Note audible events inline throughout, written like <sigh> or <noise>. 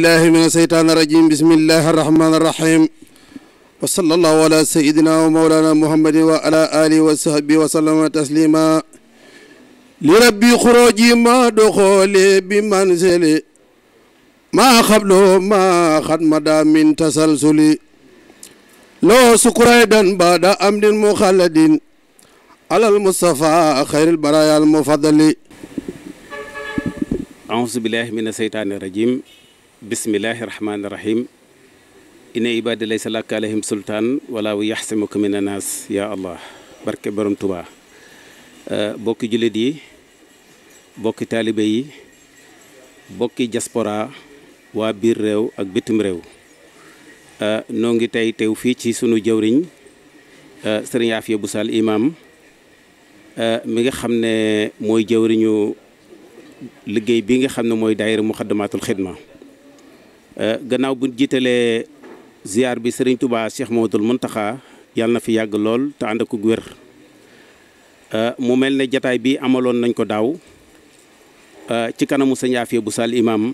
الله من الشيطان الرجيم بسم الله الرحمن الرحيم وصلى الله على سيدنا ومولانا محمد وعلى آله وصحبه وسلم تسليما لربي خروجي ما دخولي بمنزلي ما قبله ما قد مدى من تسلسلي لو سكريدا بعد أمد مخلد على المصطفى خير البرايا المفضل أعوذ بالله من الشيطان الرجيم bismillahi rahmaani rahim ine ibaadi laysa laka alayhim sultaan wala wu yaxsimuka min anaas ya allah barke borom tubaa bokki jullit yi bokki taalibe yi bokki diaspora waa biir réew ak bitim réew noo ngi tey tew fii ci sunu jëwriñ sëriñ Afia bu Sall imam mi nga xam ne mooy jëwriñu liggéey bi nga xam ne mooy daayira muxaddamaatul xidma Eh, gannaaw bu jiitalee ziar bi sëriñ Touba Cheikh Maodul Muntaxa yàlla na fi yàgg lool te ànd ak wér eh, mu mel ne jataay bi amaloon nañ ko daaw eh, ci kanamu sëñ Afia bu Sall Imaam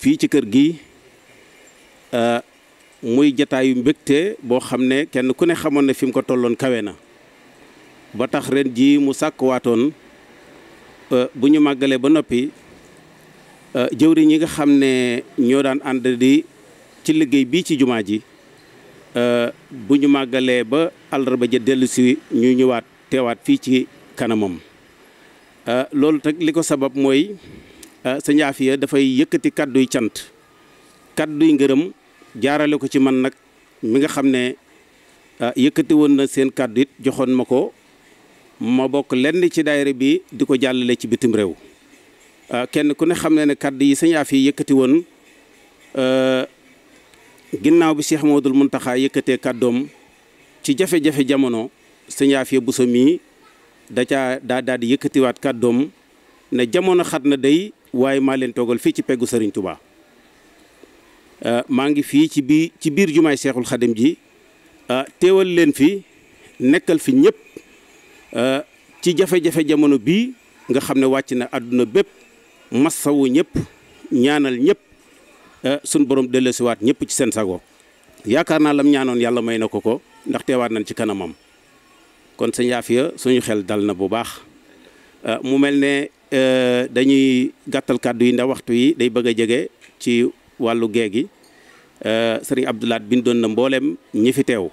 fii ci kër gi muy jataayu mbégte boo xam ne kenn ku ne xamoon na fi mu ko tolloon kawe na ba tax ren jii mu sàkk waatoon bu ñu màggalee ba noppi. Euh, jëwriñ ñi nga xam ne ñoo daan ànd di ci liggéey bii ci jumaa ji euh, bu ñu màggalee ba àllarba ja dellu si ñu ñëwaat teewaat fii ci kanamam euh, loolu tag li ko sabab mooy sëñ Aafiya dafay yëkkati kàdduy cant kàdduy ngërëm jaarale ko ci man nag mi nga xam ne yëkkati woon na seen kàddu it joxoon ma ko ma bokk lenn ci daayira bi di ko jàllale ci bitim réew Euh, kenn ku ne xam ne ne kàdd yi sëñ Afia yëkkati woon euh, ginnaaw bi Cheikh mun taxa yëkkatee kàddoom ci jafe-jafe jamono sëñ bu sa mii da ca daa daal di yëkkatiwaat kàddoom ne jamono xat na day waaye maa leen toogal fii ci peggu sëriñ Touba euh, maa ngi fii ci biir ci biir jumaay seexul Khadim ji teewal leen fi nekkal fi ñépp ci jafe-jafe jamono bii nga xam ne wàcc na àdduna bépp. massawu ñëpp ñaanal ñëpp eh, suñ borom delloosiwaat ñëpp ci seen sago yaakaar naa lam ñaanoon yàlla may na ko ko ndax teewaat nañ ci kanamam kon sëñ Yaafiya suñu xel dal na bu baax eh, mu mel ne eh, dañuy gàttal kàddu yi ndax waxtu yi day bëgg a jege ci wàllu gee gi sëriñ Abdoulaat bindoon na mbooleem ñi fi teew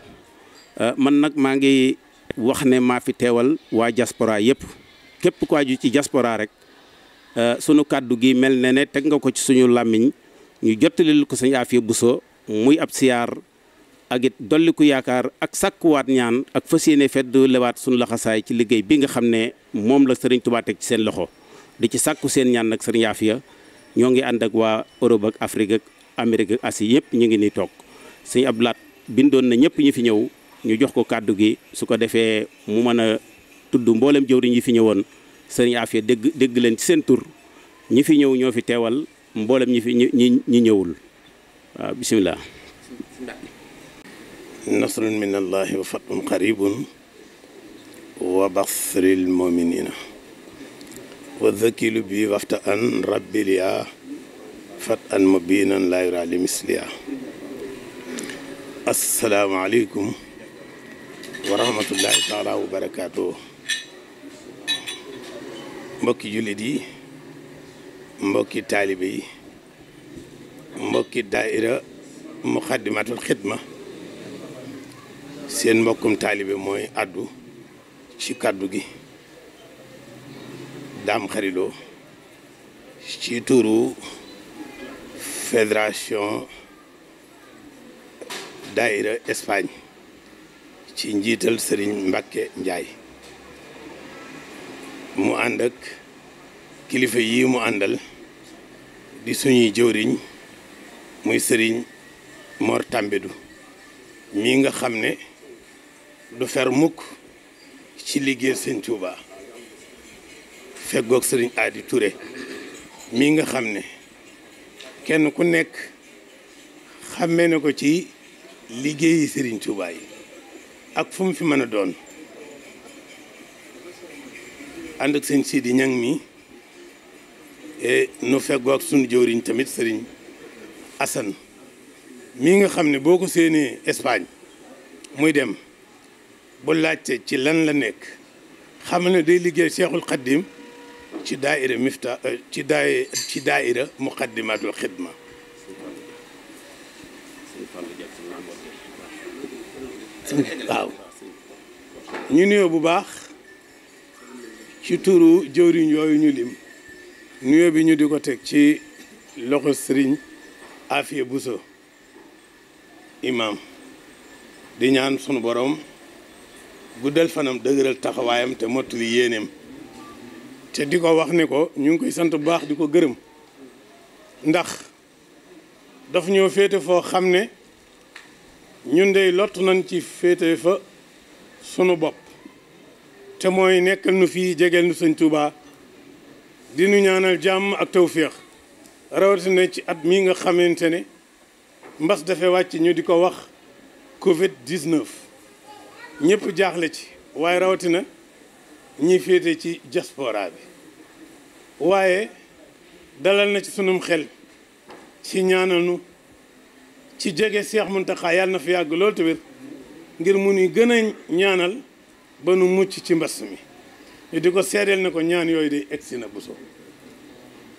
man nag maa ngi wax ne maa fi teewal waa diaspora yëpp képp ku aju ci diaspora rek Euh, sunu kàddu gi mel ne ne teg nga ko ci suñu làmmiñ ñu jottalil ko sëñ bu so muy ab siyaar ak it dolliku yaakaar ak sàkkuwaat ñaan ak fas yéene fedd lewaat sunu laxasaay ci liggéey bi nga xam ne moom la sëriñ Tuubaa teg ci seen loxo di ci sàkku seen ñaan ak sëriñ Afia ñoo ngi ànd ak waa Europe ak Afrique ak Amérique ak Asie yëpp ñu ngi ni toog sëñ Abdou Lahat bindoon na ñëpp ñu fi ñëw ñu jox ko kàddu gi su ko defee mu mën a tudd mboolem jëwriñ ñi fi ñëwoon sëriñ Afia dégg dégg leen ci seen tur ñi fi ñëw ñoo fi teewal mboolem ñi fi ñi ñi ñëwul waaw bisimilah. nasrun min allahi wa fatun qaribun wa basril muminina wa zakilu bi wafta an rabbiliya fat an mubinan la yura li assalaamu aleykum wa rahmatullahi taala wa barakaatuh mbokki jullit yi mbokki taalibe yi mbokki daaira muxaddamatul xidma seen mbokkum taalibe mooy addu ci kàddu gi daam xariloo ci turu fédération daaira Espagne ci njiital Serigne Mbacke njaay mu àndak kilifa yii mu àndal di suñuy jëwriñ muy sëriñ Mor Tambédou mi nga xam ne du fer mukk ci liggéey sëñ Touba feggoog sëriñ Adi Touré mi nga xam ne kenn ku nekk xammee na ko ci liggéeyi sëriñ Touba ak fu fi mën a doon ànd ak sëñ Sidi Ñaŋ mi et nu feggoo ak sunu jëwriñ tamit sëriñ Assane mi nga xam ne boo ko séenee Espagne muy dem bu laajte ci lan la nekk xam ne day liggéey Cheikhul Khadim ci daaira mifta e, ci daay ci xidma waaw ñu nuyoo bu baax ci turu jëwriñ yooyu ñu lim nuyoo bi ñu di ko teg ci loxo sëriñ Afia Bousso imam di ñaan sunu boroom guddal fanam dëgëral taxawaayam te mottali yéeneem te di ko wax ni ko ñu ngi koy sant bu baax di ko gërëm ndax daf ñoo féete foo xam ne ñun dey lot nañ ci féete fa sunu bopp te mooy nekkal nu fi jegeel nu sëñ Touba di ñaanal jàmm ak tawféex rawatina ci at mii nga xamante ne mbas dafa wàcc ñu di ko wax Covid 19 ñëpp jaaxle ci waaye rawatina ñi féete ci diaspora bi waaye dalal na ci sunum xel ci ñaanal nu ci jege Seex Muntaxa yàlla na fi yàgg lool te wér ngir mu nuy gën a ñaanal. ba nu mucc ci mbas mi ñu di ko seedeel na ko ñaan yooyu de si na Bousso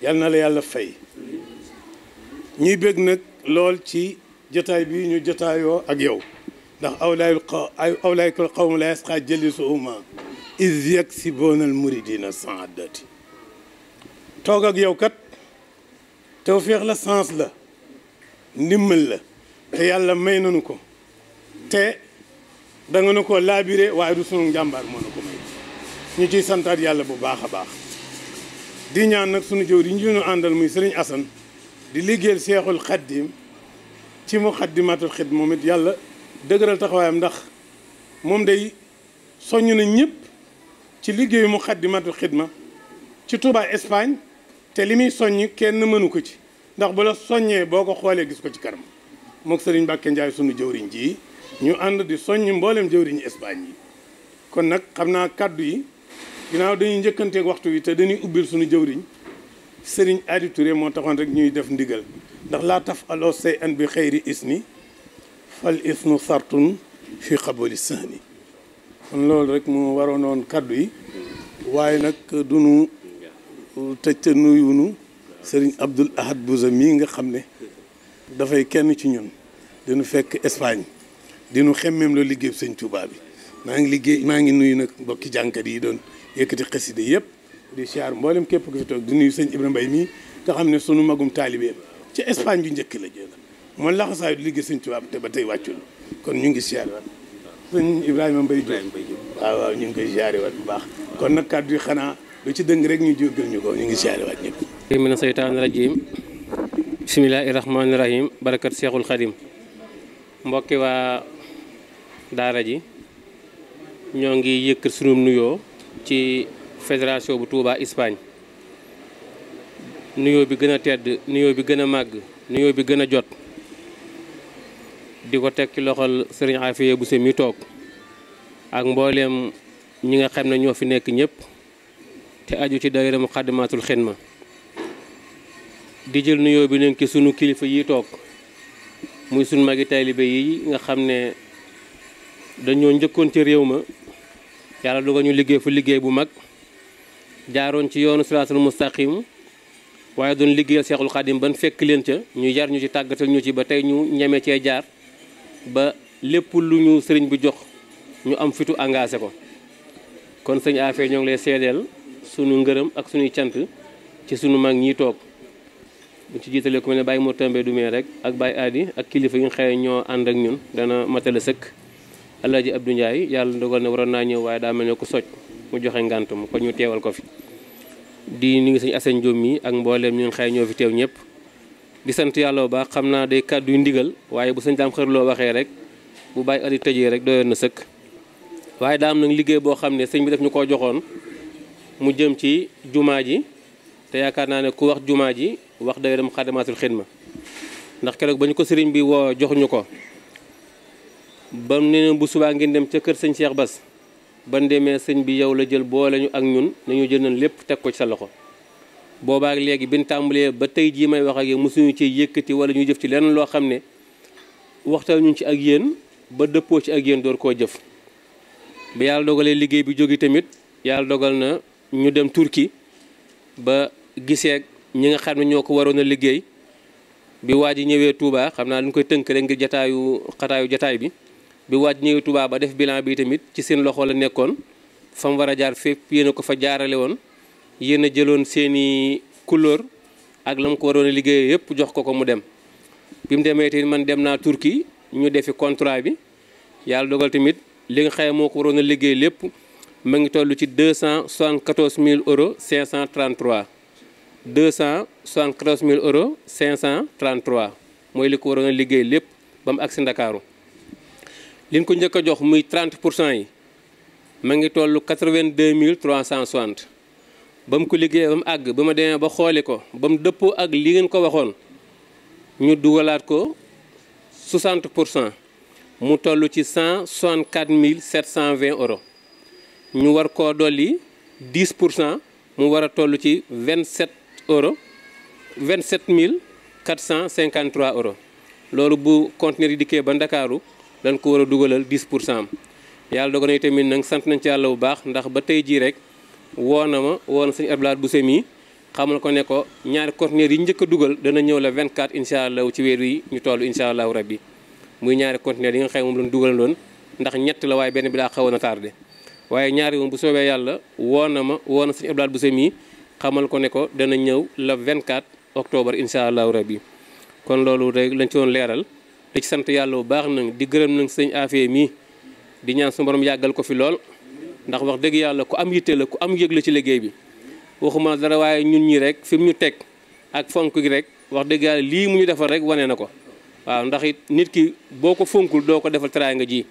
yal na la yàlla fay ñi bég nag lool ci jotaay bi ñu jotaayoo ak yow ndax awlaayul xaw awlaayul xawm la yasqa jalisuhuma iz yaksibuuna al muridina saadati toog ak yow kat tawféex la sens la ndimbal la te yàlla may nañu ko te da nga nu ko laabire waaye du sunu njàmbaar moo na ko may ñu ciy santaat yàlla bu baax a baax di ñaan nag sunu jëw yi ñu àndal muy sëriñ Asan di liggéeyal seexul xaddim ci mu xaddimatul xid moom it yàlla dëgëral taxawaayam ndax moom dey soññ na ñëpp ci liggéeyu mu xaddimatul xidma ci Touba Espagne te li muy soññ kenn mënu ko ci ndax bu la soññee boo ko xoolee gis ko ci kanam mook sëriñ Mbàkke Njaay sunu riñ ji ñu ànd di soññ mbooleem jëwriñ Espagne yi kon nag xam naa kàddu yi ginnaaw dañuy njëkkanteeg waxtu wi te dañuy ubbil suñu jëwriñ Serigne Adi Touré moo taxoon rek ñuy def ndigal ndax laa taf aloo say an bi xëyri isni fal isnu sartun fi xaboli sahni kon loolu rek moo waroonoon kàddu yi waaye nag du nu tëj te nuyunu Serigne Abdoul Ahad Bouza mii nga xam ne dafay kenn ci ñun dañu fekk Espagne dinu xemmem la liggéey sëñ tubaab bi maa ngi liggéey maa ngi nuyu nag mbokki jànkat yi doon yëkkati xasida yëpp di siyaar mboolem képp ku fi toog di nuyu sëñ Ibrahima Mbaye mii nga xam ne sunu magum taalibe ci Espagne ju njëkk la jëla moo laxasaayu di liggéey sëñ Touba bi te ba tey wàccul kon ñu ngi siyaar waat sëñ Ibrahima Mbaye Diop waaw waaw ñu ngi koy siyaare waat bu baax kon nag kàddu yi xanaa lu ci dëng rek ñu jógal ñu ko ñu ngi siyaare waat ñëpp mina seytaan rajim bisimilahi rahmaani rahim barakat Seexul Xadim mbokki waa daara ji ñoo ngi yëkkat sunu nuyoo ci fédération bu Touba Espagne nuyoo bi gën a tedd nuyoo bi gën a màgg nuyoo bi gën a jot di ko teg ci loxol sëriñ Afiya bu se mi toog ak mbooleem ñi nga xam ne ñoo fi nekk ñëpp te aju ci daayira Muxaddamatul ma di jël nuyoo bi nekk ci sunu kilifa yi toog muy sunu magi taalibe yi nga xam ne dañoo njëkkoon ci réew ma yàlla dogal ñu liggéey fu liggéey bu mag jaaroon ci yoonu siraatal mustaqim waaye doon liggéeyal seexul xadim ban fekk leen ca ñu yar ñu ci tàggatal ñu ci ba tey ñu ñeme cee jaar ba lépp lu ñu sëriñ bi jox ñu am fitu engagé ko kon sëñ Afé ñoo ngi lay seedeel sunu ngërëm ak sunuy cant ci sunu mag ñi toog bu ci jiitalee ku mel ne bàyyi moo tëmbee du mee rek ak bàyyi aadi ak kilifa yi nga xëye ñoo ànd ak ñun dana matale sëkk Alaaji Abdou Ndiaye yàlla dogal na waroon naa ñëw waaye daa mel ne ku soj mu joxe ngànt mu ko ñu teewal ko fi di ni ngi suñu Assane Diom mi ak mbooleem ñun xëy ñoo fi teew ñëpp di sant yàlla bu baax xam naa day kàddu yu ndigal waaye bu sëñ daam xërloo waxee rek bu bàyyi ali tëjee rek doyoon na sëkk waaye daa nag liggéey boo xam ne sëñ bi def ñu koo joxoon mu jëm ci jumaa ji te yaakaar naa ne ku wax jumaa ji wax day dem xadamaatul xidma ndax keroog ba ñu bi woo jox ko ba mu bu subaa ngeen dem ca kër sañ Cheikh Bass ban demee sëñ bi yow la jël boole ñu ak ñun nañu jël nañ lépp teg ko ci sa loxo. boobaak léegi bi ñu tàmbalee ba tey jii may wax ak yéen mosuñu ci yëkkati wala ñu jëf ci lenn loo xam ne waxtaan ñu ci ak yéen ba dëppoo ci ak yéen door koo jëf. ba yàlla dogalee liggéey bi jógi tamit yàlla dogal na ñu dem Turki ba giseek ñi nga xam ne ñoo ko waroon a liggéey bi waa ji ñëwee tuubaa xam naa dañ koy tënk rek ngir jataayu xataayu jataay bi. bi waaj ñëwee Touba ba def bilan bi tamit ci seen loxo la nekkoon fa war a jaar fépp yéen ko fa jaarale woon yéen a jëloon seeni couleur ak la mu ko waroon a liggéeyee yépp jox ko ko mu dem. bi mu demee tamit man dem naa Turquie ñu defi contrat bi yàlla dogal tamit li nga xëy moo ko waroon a liggéey lépp ma ngi toll ci deux cent soixante-quatorze mille euros cinq cent trente-trois deux cent soixante-quatorze mille euros cinq cent trente-trois mooy li ko waroon a liggéey lépp ba mu agsi Ndakaaru liñ ko njëkk a jox muy 30 pour cent yi ma ngi toll 82 mille 360 ba mu ko liggéey ba mu àgg ba ma demee ba xooli ko ba mu dëppoo ak li ngeen ko waxoon ñu dugalaat ko 60 pour cent mu toll ci 164 mille 720 euros ñu war koo dolli 10 pour cent mu war a toll ci 27 euros 27 mille 453 euros loolu bu conteneur yi dikkee ba Ndakaaru dañ ko war a dugalal 10 pour cent am yàlla dogal na tamit nag sant nañ ci yàlla bu baax ndax ba tey jii rek woo na ma woo na sëñ bu Bousso mi xamal ko ne ko ñaari conteneurs yi njëkk dugal dana ñëw la 24 incha allah ci weer yi ñu toll incha allahu rabbi muy ñaari conteneurs yi nga xam moom lañ dugal doon ndax ñett la benn bi daa xawoon a tardé waaye ñaari moom bu soobee yàlla woo na ma woo na sëñ Abdoulaye Bousso mi xamal ko ne ko dana ñëw la 24 octobre incha allahu rabbi kon loolu rek lañ ci woon leeral da sant yàlla bu baax nag di gërëm nag sëñ Afia mii di ñaan su borom yàggal ko fi lool ndax wax dëgg yàlla ku am yitte la ku am yëg la ci liggéey bi waxuma dara waaye ñun ñi rek fi mu ñu teg ak fonk gi rek wax dëgg yàlla lii mu ñu defal rek wane na ko waaw ndax it nit ki boo ko fonkul doo ko defal teraanga ji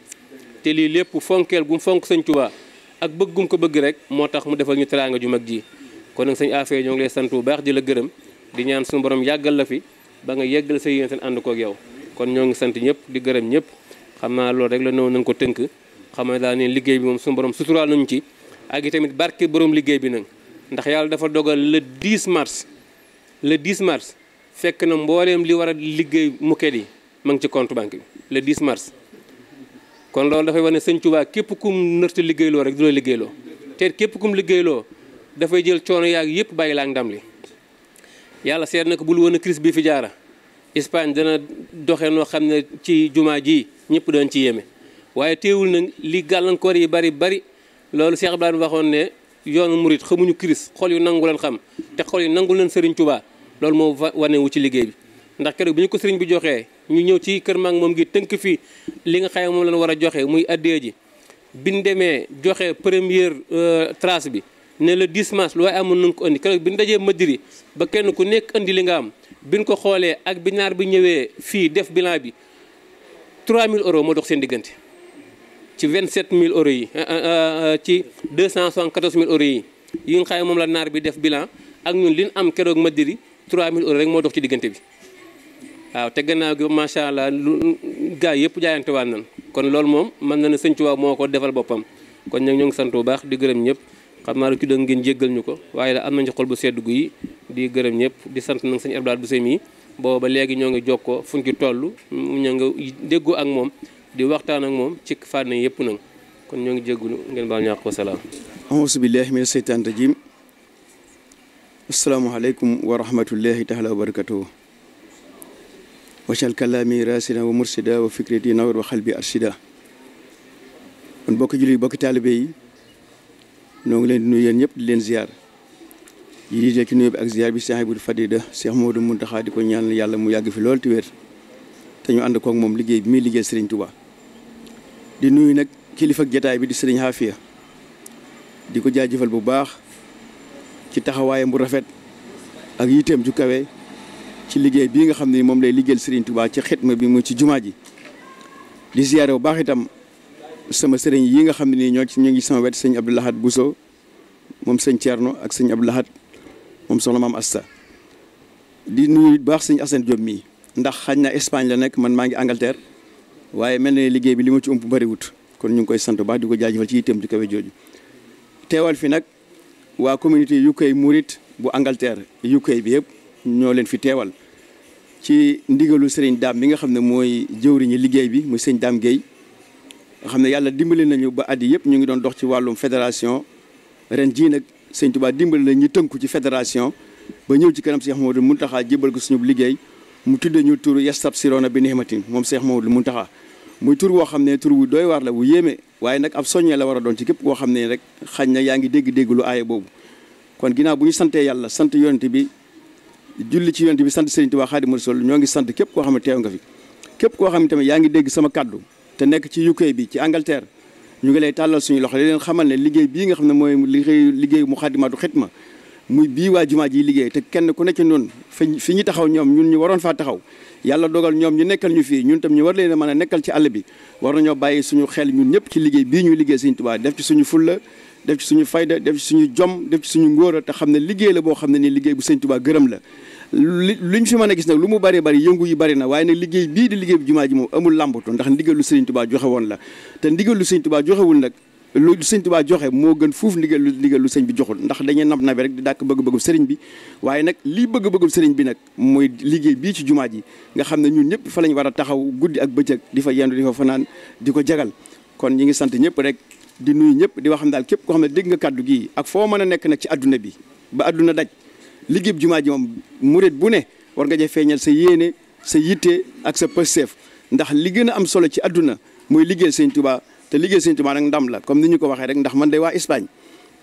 te lii lépp fonkeel gum fonk sëñ Tuubaa ak bëgg ko bëgg rek moo tax mu defal ñu teraanga ju mag ji kon nag sëñ Afia ñoo ngi lay sant bu baax di la gërëm di ñaan borom yàggal la fi ba nga yeggal sa yéen ànd koog yow kon ñoo ngi sant ñëpp di gërëm ñëpp xam naa lool rek la néew nañ ko tënk xam naa daal ne liggéey bi moom suñu borom suturaal nañu ci ak i tamit barke borom liggéey bi nag ndax yàlla dafa dogal le 10 mars le 10 mars fekk na mbooleem li war a liggéey muket yi ma ngi ci compte banque bi le 10 mars kon loolu dafay wane sëñ Tuubaa képp kum nërta liggéeyloo rek du la liggéeyloo te képp kum liggéeyloo dafay jël coono yaag yëpp bàyyi laa ndam li yàlla na ko bul woon a crise bi fi jaara Espagne dana doxe noo xam ne ci jumaa ji ñëpp doon ci yeme waaye téewul na li gàllankoor yi bari bari loolu Cheikh Ibrahima waxoon ne yoonu murit xamuñu kiris xol yu nangu leen xam te xol yu nangu leen Serigne Touba loolu moo wanewu ci liggéey bi ndax keroog bi ñu ko Serigne bi joxee ñu ñëw ci kër maag moom ngi tënk fii li nga xayma moom lañ war a joxe muy addee ji biñ demee joxe première euh, trace bi ne la 10 mars lu waaye amoon nañ ko indi keroog bi ñu dajee Madrid ba kenn ku nekk indi li nga am biñ ko xoolee ak bi naar bi ñëwee fii def bilan bi mille euro moo dox seen diggante ci 27000 euros yi euh, euh, euh, ci 274000 euros yi yi nga xam ne moom la naar bi def bilan ak ñun li ñu am keroog Madiri 3000 euros rek moo dox ci diggante bi waaw te gannaaw gi macha allah lu gars yëpp jaayante waan nan kon loolu moom mën na ne Sëñ moo ko defal boppam kon ñoo ngi sant bu baax di gërëm ñëpp xam naa lu ci doon ngeen jéggal ñu ko waaye la am nañu xol bu sedd gu yi. di gërëm ñëpp di sant nag sëñ Abdoulaye Bousso mi booba léegi ñoo ngi jokkoo fu ñu ci toll ñoo ngi déggoo ak moom di waxtaan ak moom ci fànn yëpp nag kon ñoo ngi jéggulu ngeen baal ñàkk wa salaam auzu billahi mina seytaan rajim asalaamaaleykum wa rahmatullahi taala wa barakatuhu wacal kalaami rasina wa mursida wa fikriti nawar wa xalbi arsida kon bokki julli bokki taalibe yi noo ngi leen di nuyu yéen ñëpp di leen ziar di jiite ci nuyoo bi ak ziar bi Cheikh Ibou Fadida Cheikh Modou Mountakha di ko ñaanal yàlla mu yàgg fi lool ti wér ànd koog moom liggéey bi muy liggéey Serigne Touba di nuyu nag kilifa jotaay bi di Serigne Hafia di ko jaajëfal bu baax ci taxawaayam bu rafet ak yiteem ju kawe ci liggéey bii nga xam ne moom lay liggéeyal Serigne ci xitma bi mu ci jumaa ji di ziare bu baax itam sama sëriñ yi nga xam ne nii ñoo ci ñu ngi sama wet sëñ bu Bousso moom sëñ Thierno ak sëñ Abdoulahad moom soxna maam Asta di nuyu baax sëñ Assane Diop mii ndax xañ na Espagne la nekk man maa ngi Angleterre waaye mel na liggéey bi li ma ci ëmb bu bëriwut kon ñu ngi koy sant baax di ko jaajëfal ci itam di kawe jooju teewal fi nag waa communauté UK Mouride bu Angleterre UK bi yëpp ñoo leen fi teewal ci ndigalu sëriñ daam bi nga xam ne mooy jëwriñu liggéey bi muy sëñ daam Guèye nga xam ne yàlla dimbali nañu ba at yi yëpp ñu ngi doon dox ci wàllum fédération sëñ Tuubaa dimbali la ñu tënku ci fédération ba ñëw ci kanam Cheikh mun taxaa jébbal ko suñu liggéey mu tuddee ñu tur yastabsiroona bi nihmatin moom Cheikh Mouhamadou Mountakha muy tur woo xam ne tur wu doy waar la wu yéeme waaye nag ab soññee la war a doon ci képp koo xam ne rek xañ na yaa ngi dégg-dégg lu aaye boobu kon ginnaaw bu ñu santee yàlla sant yonent bi julli ci yonent bi sant Sëriñ Tuubaa Xaadimu sol ñoo ngi sant képp koo xam ne teew nga fi képp koo xam ne yaa ngi dégg sama kàddu te nekk ci UK bi ci Angleterre ñu ngi lay tàllal suñu loxo li leen xamal ne liggéey bii nga xam ne mooy liggéey mu liggéey Moukhaddamatoul Khidma muy bii waa jumaa ji liggéey te kenn ku nekk noonu fi fi ñu taxaw ñoom ñun ñu waroon faa yàlla dogal ñoom ñu nekkal ñu fii ñun tam ñu war leen a mën a nekkal ci àll bi war nañoo bàyyi suñu xel ñun ñëpp ci liggéey bii ñuy liggéey Sëriñ Tuubaa def ci suñu fulla def ci suñu fayda def ci suñu jom def ci suñu ngóora te xam ne liggéey la boo xam ne nii liggéey bu Sëriñ Tuubaa gërëm la li liñ fi mën a gis nag lu mu bari bari yëngu yi bari na waaye nag liggéey bii di liggéey bi jumaa ji moom amul làmbatu ndax ndigalu Sëriñ Tuubaa joxe woon la te ndigalu Sëriñ Tuubaa joxewul nag lu sëñ Tuubaa joxe moo gën fuuf ndigal lu ndigal lu sëñ bi joxul ndax dañuy nab nabi rek di dàkk bëgg-bëggu sëriñ bi waaye nag lii bëgg-bëggu sëriñ bi nag mooy liggéey bii ci jumaa ji nga xam ne ñun ñëpp fa lañ war a taxaw guddi ak bëccëg di fa yendu di fa fanaan di ko jagal kon ñu ngi sant ñëpp rek di nuyu ñëpp di wax daal képp koo xam dégg nga kàddu gii ak foo mën a nekk nag ci adduna bi ba adduna daj liggéeyub jumaa ji moom murit bu ne war nga ja feeñal sa yéene sa yitte ak sa pësteef ndax li gën a am solo ci adduna mooy liggéey sëñ Tuubaa te liggéey sëñ Tuubaa nag ndam la comme ni ñu ko waxee rek ndax man day waa Espagne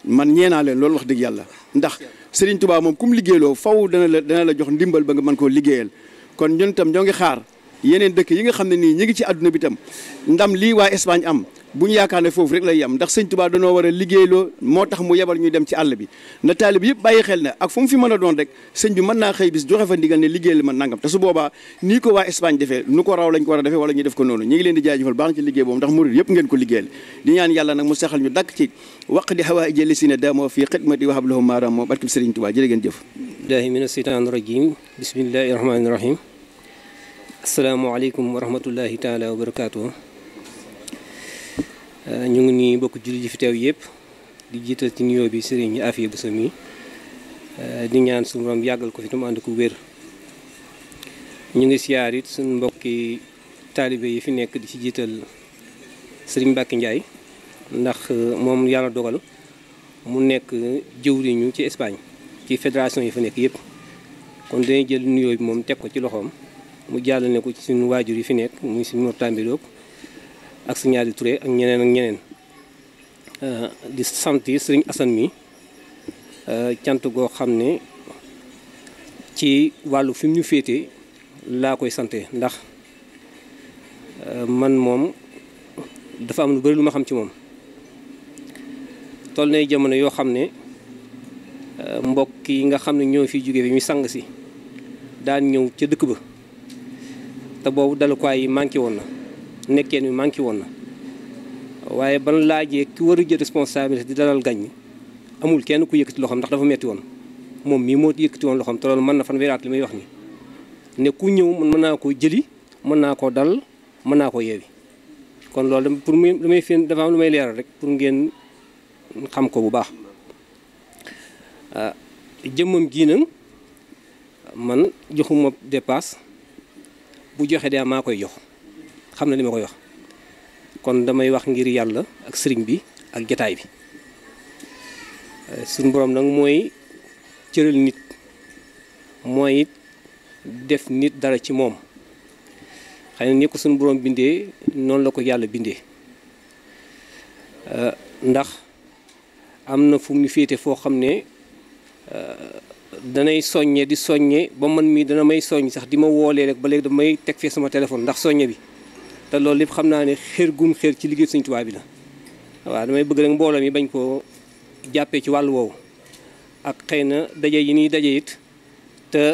man ñeenaa leen loolu wax dëgg yàlla ndax Sëriñ tubaa moom kum liggéeyloo faw dana la dana la jox ndimbal ba nga mën koo liggéeyal kon ñun tam ñoo ngi xaar yeneen dëkk yi nga xam ne nii ñi ngi ci àdduna bi tam ndam lii waa Espagne am bu ñu yaakaar ne foofu rek lay yem ndax sëñ Tuubaa dañoo a liggéeyloo moo tax mu yebal ñuy dem ci àll bi na taalib yëpp bàyyi xel ne ak fu mu a doon rek mën naa xëy bis joxe fa ndigal ne liggéey li ma nangam te su boobaa nii a defee wala ñu def ko noonu ñu ngi leen di jaajëfal baax na ci liggéey boobu ndax murid yëpp ngeen ko liggéeyal di ñaan yàlla nag mu saxal ñu dakk ci waq di xawaa ijëli si ne daamoo fii xidmati wa hablahum maaram moo barkib sëriñ Tuubaa jërë ngeen jëf billahi mina seytaani rajim bismillahi rahmaani rahim asalaamaaleykum wa rahmatullahi taala wa Euh, ñu ngi nii mbokk jullit yi fi teew yëpp di jiital ci nuyoo bi sëriñ Afia Bousso mi euh, di ñaan suñu borom yàggal ko fi tam ànd ko wér ñu ngi siyaar it suñu mbokki taalibe yi fi nekk di ci jiital sëriñ Mbacke njaay ndax euh, moom yàlla dogal mu nekk jëwriñu ci Espagne ci fédération yi fa nekk yëpp kon dañuy jël nuyoo bi moom teg ko ci loxoom mu jàll ne ko ci suñu waajur yi fi nekk muy suñu Mor Tambidou ak si ñaari Touré ak ñeneen ak ñeneen euh, di sant sëriñ Asan mi euh, cant goo xam ne ci wàllu fi ñu féete laa koy sante ndax euh, man moom dafa am lu bëri lu ma xam ci moom toll nay jamono yoo xam ne mbokk yi nga xam ne ñëw fi jóge bi ñu sang si daan ñëw ca dëkk ba te boobu dalukaay yi manqué woon na nekkeen wi manqué woon na waaye ban laajee ki war a jël responsabilité di dalal gàññ amul kenn ku yëkkati loxoom ndax dafa metti woon moom mii moo yëkkati woon loxoom te loolu mën na fan wéraat li may wax ne ku ñëw man mën naa koo jëli mën naa koo dal mën naa koo yeewi kon loolu pour muy lu may fiin dafa am lu may leeral rek pour ngeen xam ko bu baax ah, jëmmam gii nag man joxuma dépasse bu joxe daa maa koy jox xam na li ma koy wax kon damay wax ngir yàlla ak sëriñ bi ak jataay bi eh, suñu borom nag mooy cëral nit mooy def nit dara ci moom xëy na ni ko suñu borom bindee noonu la ko yàlla bindee eh, ndax am na fu mu féete foo xam ne eh, danay soññe di soññe ba man mii dana may soññ sax di ma woolee rek ba léegi damay teg fee sama téléphone ndax soññe bi te loolu lépp xam naa ni xër gum xër ci liggéey Sëñ Tuubaa bi la waaw damay bëgg rek mbooloo mi bañ koo jàppee ci wàllu woowu ak xëy na daje yi nii daje it te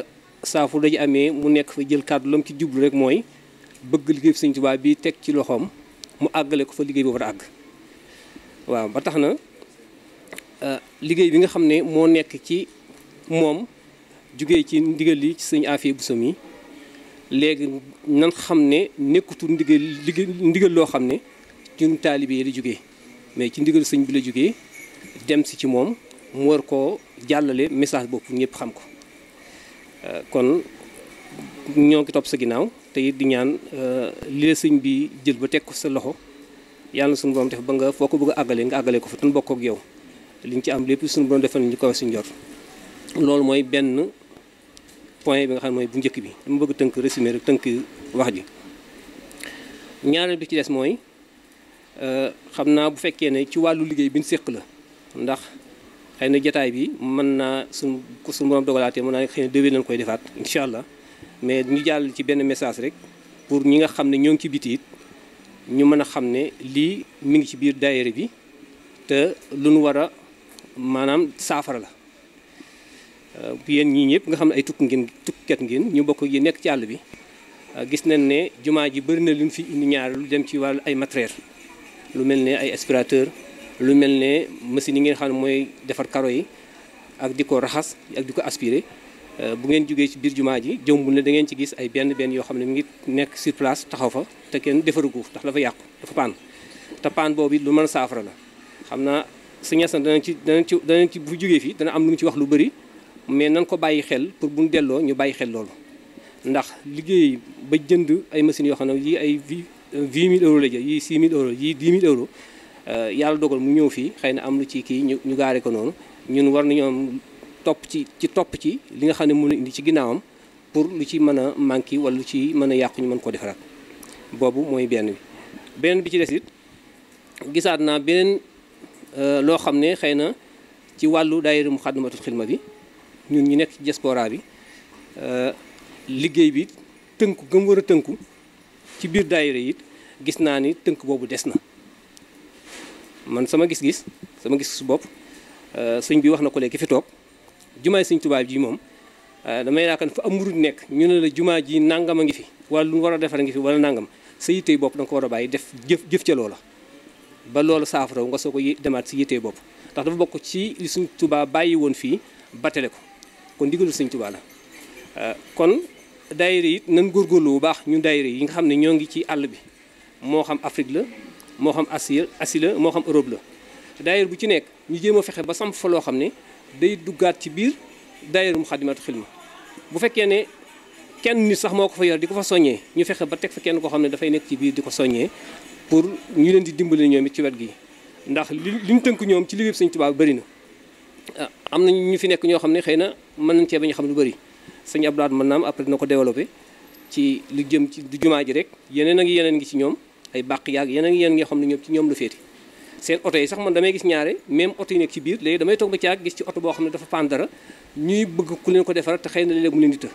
saafu daje amee mu nekk fa jël kàddu lam ci jublu rek mooy bëgg liggéey Sëñ bi teg ci loxoom mu àggale ko fa liggéey boobu da àgg waaw ba tax na euh, liggéey bi nga xam ne moo nekk ci moom jugee ci ndigal li ci sëñ Afia Bousso mi léegi nan xam ne nekkutul ndigal ndigal loo xam ne ci taalibe yi la jóge mais ci ndigal sëñ bi la jóge dem si ci moom mu war koo jàllale message boobu ñëpp xam ko euh, kon ñoo ngi topp sa ginnaaw te it di ñaan euh, li la sëñ bi jël ba teg ko sa loxo yàlla suñu borom def ba nga foo ko bëgg a àggale nga àggale ko fa tan bokk ak yow liñ ci am lépp suñu borom defal ñu ko suñu jot loolu mooy benn point bi nga xam mooy bu njëkk bi dama tënk résumé rek tënk wax ji ñaareel bi ci des mooy euh, xam naa bu fekkee ne ci wàllu liggéey bi ñu la ndax xëy na jataay bi mën naa suñu suñu borom dogalaatee mën xëy na déwén nañ koy defaat incha allah mais ñu jàll ci benn message rek pour ñi nga xam ne ñoo ngi ci biti ñu mën a xam ne lii mi ngi ci biir daayira bi te lu nu war a maanaam saafara la Euh, yéen ñii ñëpp nga xam ne ay tukki ngeen tukkikat ngeen ñu bokk yi nekk ci àll bi euh, gis nañ ne jumaa ji bari na lu ñu fi indi ñaar lu dem ci wàllu ay matériel lu mel ne ay aspirateur lu mel ne machine yi ngeen xam ne mooy defar karo yi ak di ko raxas ak di ko aspiré euh, bu ngeen jógee ci biir jumaa ji jëmbul ne da ngeen ci gis ay benn benn yoo xam ne mu ngi nekk sur place taxaw fa te kenn defaru ko ndax dafa yàqu dafa paan te paan boobu lu mën saafara la xam naa su ñeesan ci danañ ci danañ ci bu jógee fii dana am lu mu ci wax lu bëri mais nan ko bàyyi xel pour bu ñu delloo ñu bàyyi xel loolu ndax liggéey ba jënd ay machines yoo xam ne yii ay huit mille euros la jël yii six mille euros yii dix mille euros euh, yàlla dogal mu ñëw fii xëy na am lu ci kii ñu ñu gaare ko noonu ñun war nañoo topp ci ci topp ci li nga xam ne mën a indi ci ginnaawam pour lu ci mën a manqué wala lu ci mën a yàqu ñu mën ko defaraat boobu mooy benn bi. beneen bi ci des it gisaat naa beneen euh, loo xam ne xëy na ci wàllu daayira mu Xaddamatul Xidma bi. ñun ñu nekk ci diaspora bi euh, liggéey bi tënku gëm war a tënku ci biir daayira it gis naa ni tënk boobu des na man sama gis-gis sama gis-gis bopp euh, sëñ bi wax na ko léegi fi toog jumaay sëñ Tuubaa ji moom euh, damay yaakaar fa am murid nekk ñu ne la jumaa ji nangam a ngi fi wala lu war a defar ngi fi wala nangam sa yittey bopp da ko war a bàyyi def jëf jëf ca loola ba loolu saafaraw nga soo ko demaat si yittey bopp ndax dafa bokk ci suñ sëñ Tuubaa bàyyi woon fii batale ko kon ndigalu sëñ Tuubaa la euh, kon daayira it nan góorgóorlu bu baax ñu dayre yi nga xam ne ñoo ngi ci àll bi moo xam Afrique la moo xam Asie Asie la moo xam Europe la dayre bu ci nekk ñu jéem a fexe ba samp fa loo xam ne day duggaat ci biir daayira Muxaddamatul Xidma bu fekkee ne kenn nit sax moo ko fa yor di ko fa soññee ñu fexe ba teg fa kenn koo xam ne dafay nekk ci biir di ko soññee pour ñu leen di dimbali ñoom it ci wet gi ndax li liñ tënk ñoom ci liggéey Sëñ Tuubaa bëri na ah, am na ñu fi nekk ñoo xam ne xëy na mën nañ cee ba ñu xam lu bëri sëñ Abdou Lahad mën naa am après na ko développé ci lu jëm ci du jumaa ji rek yeneen ak yeneen ngi ci ñoom ay bàq yaag yeneen ak yeneen yoo xam ne ñoom ci ñoom la féeti seen oto yi sax man damay gis ñaare même oto yi nekk ci biir léegi damay toog ba caag gis ci oto boo xam ne dafa paan dara ñuy bëgg ku leen ko defaral te xëy na léeg-léeg mu leen di të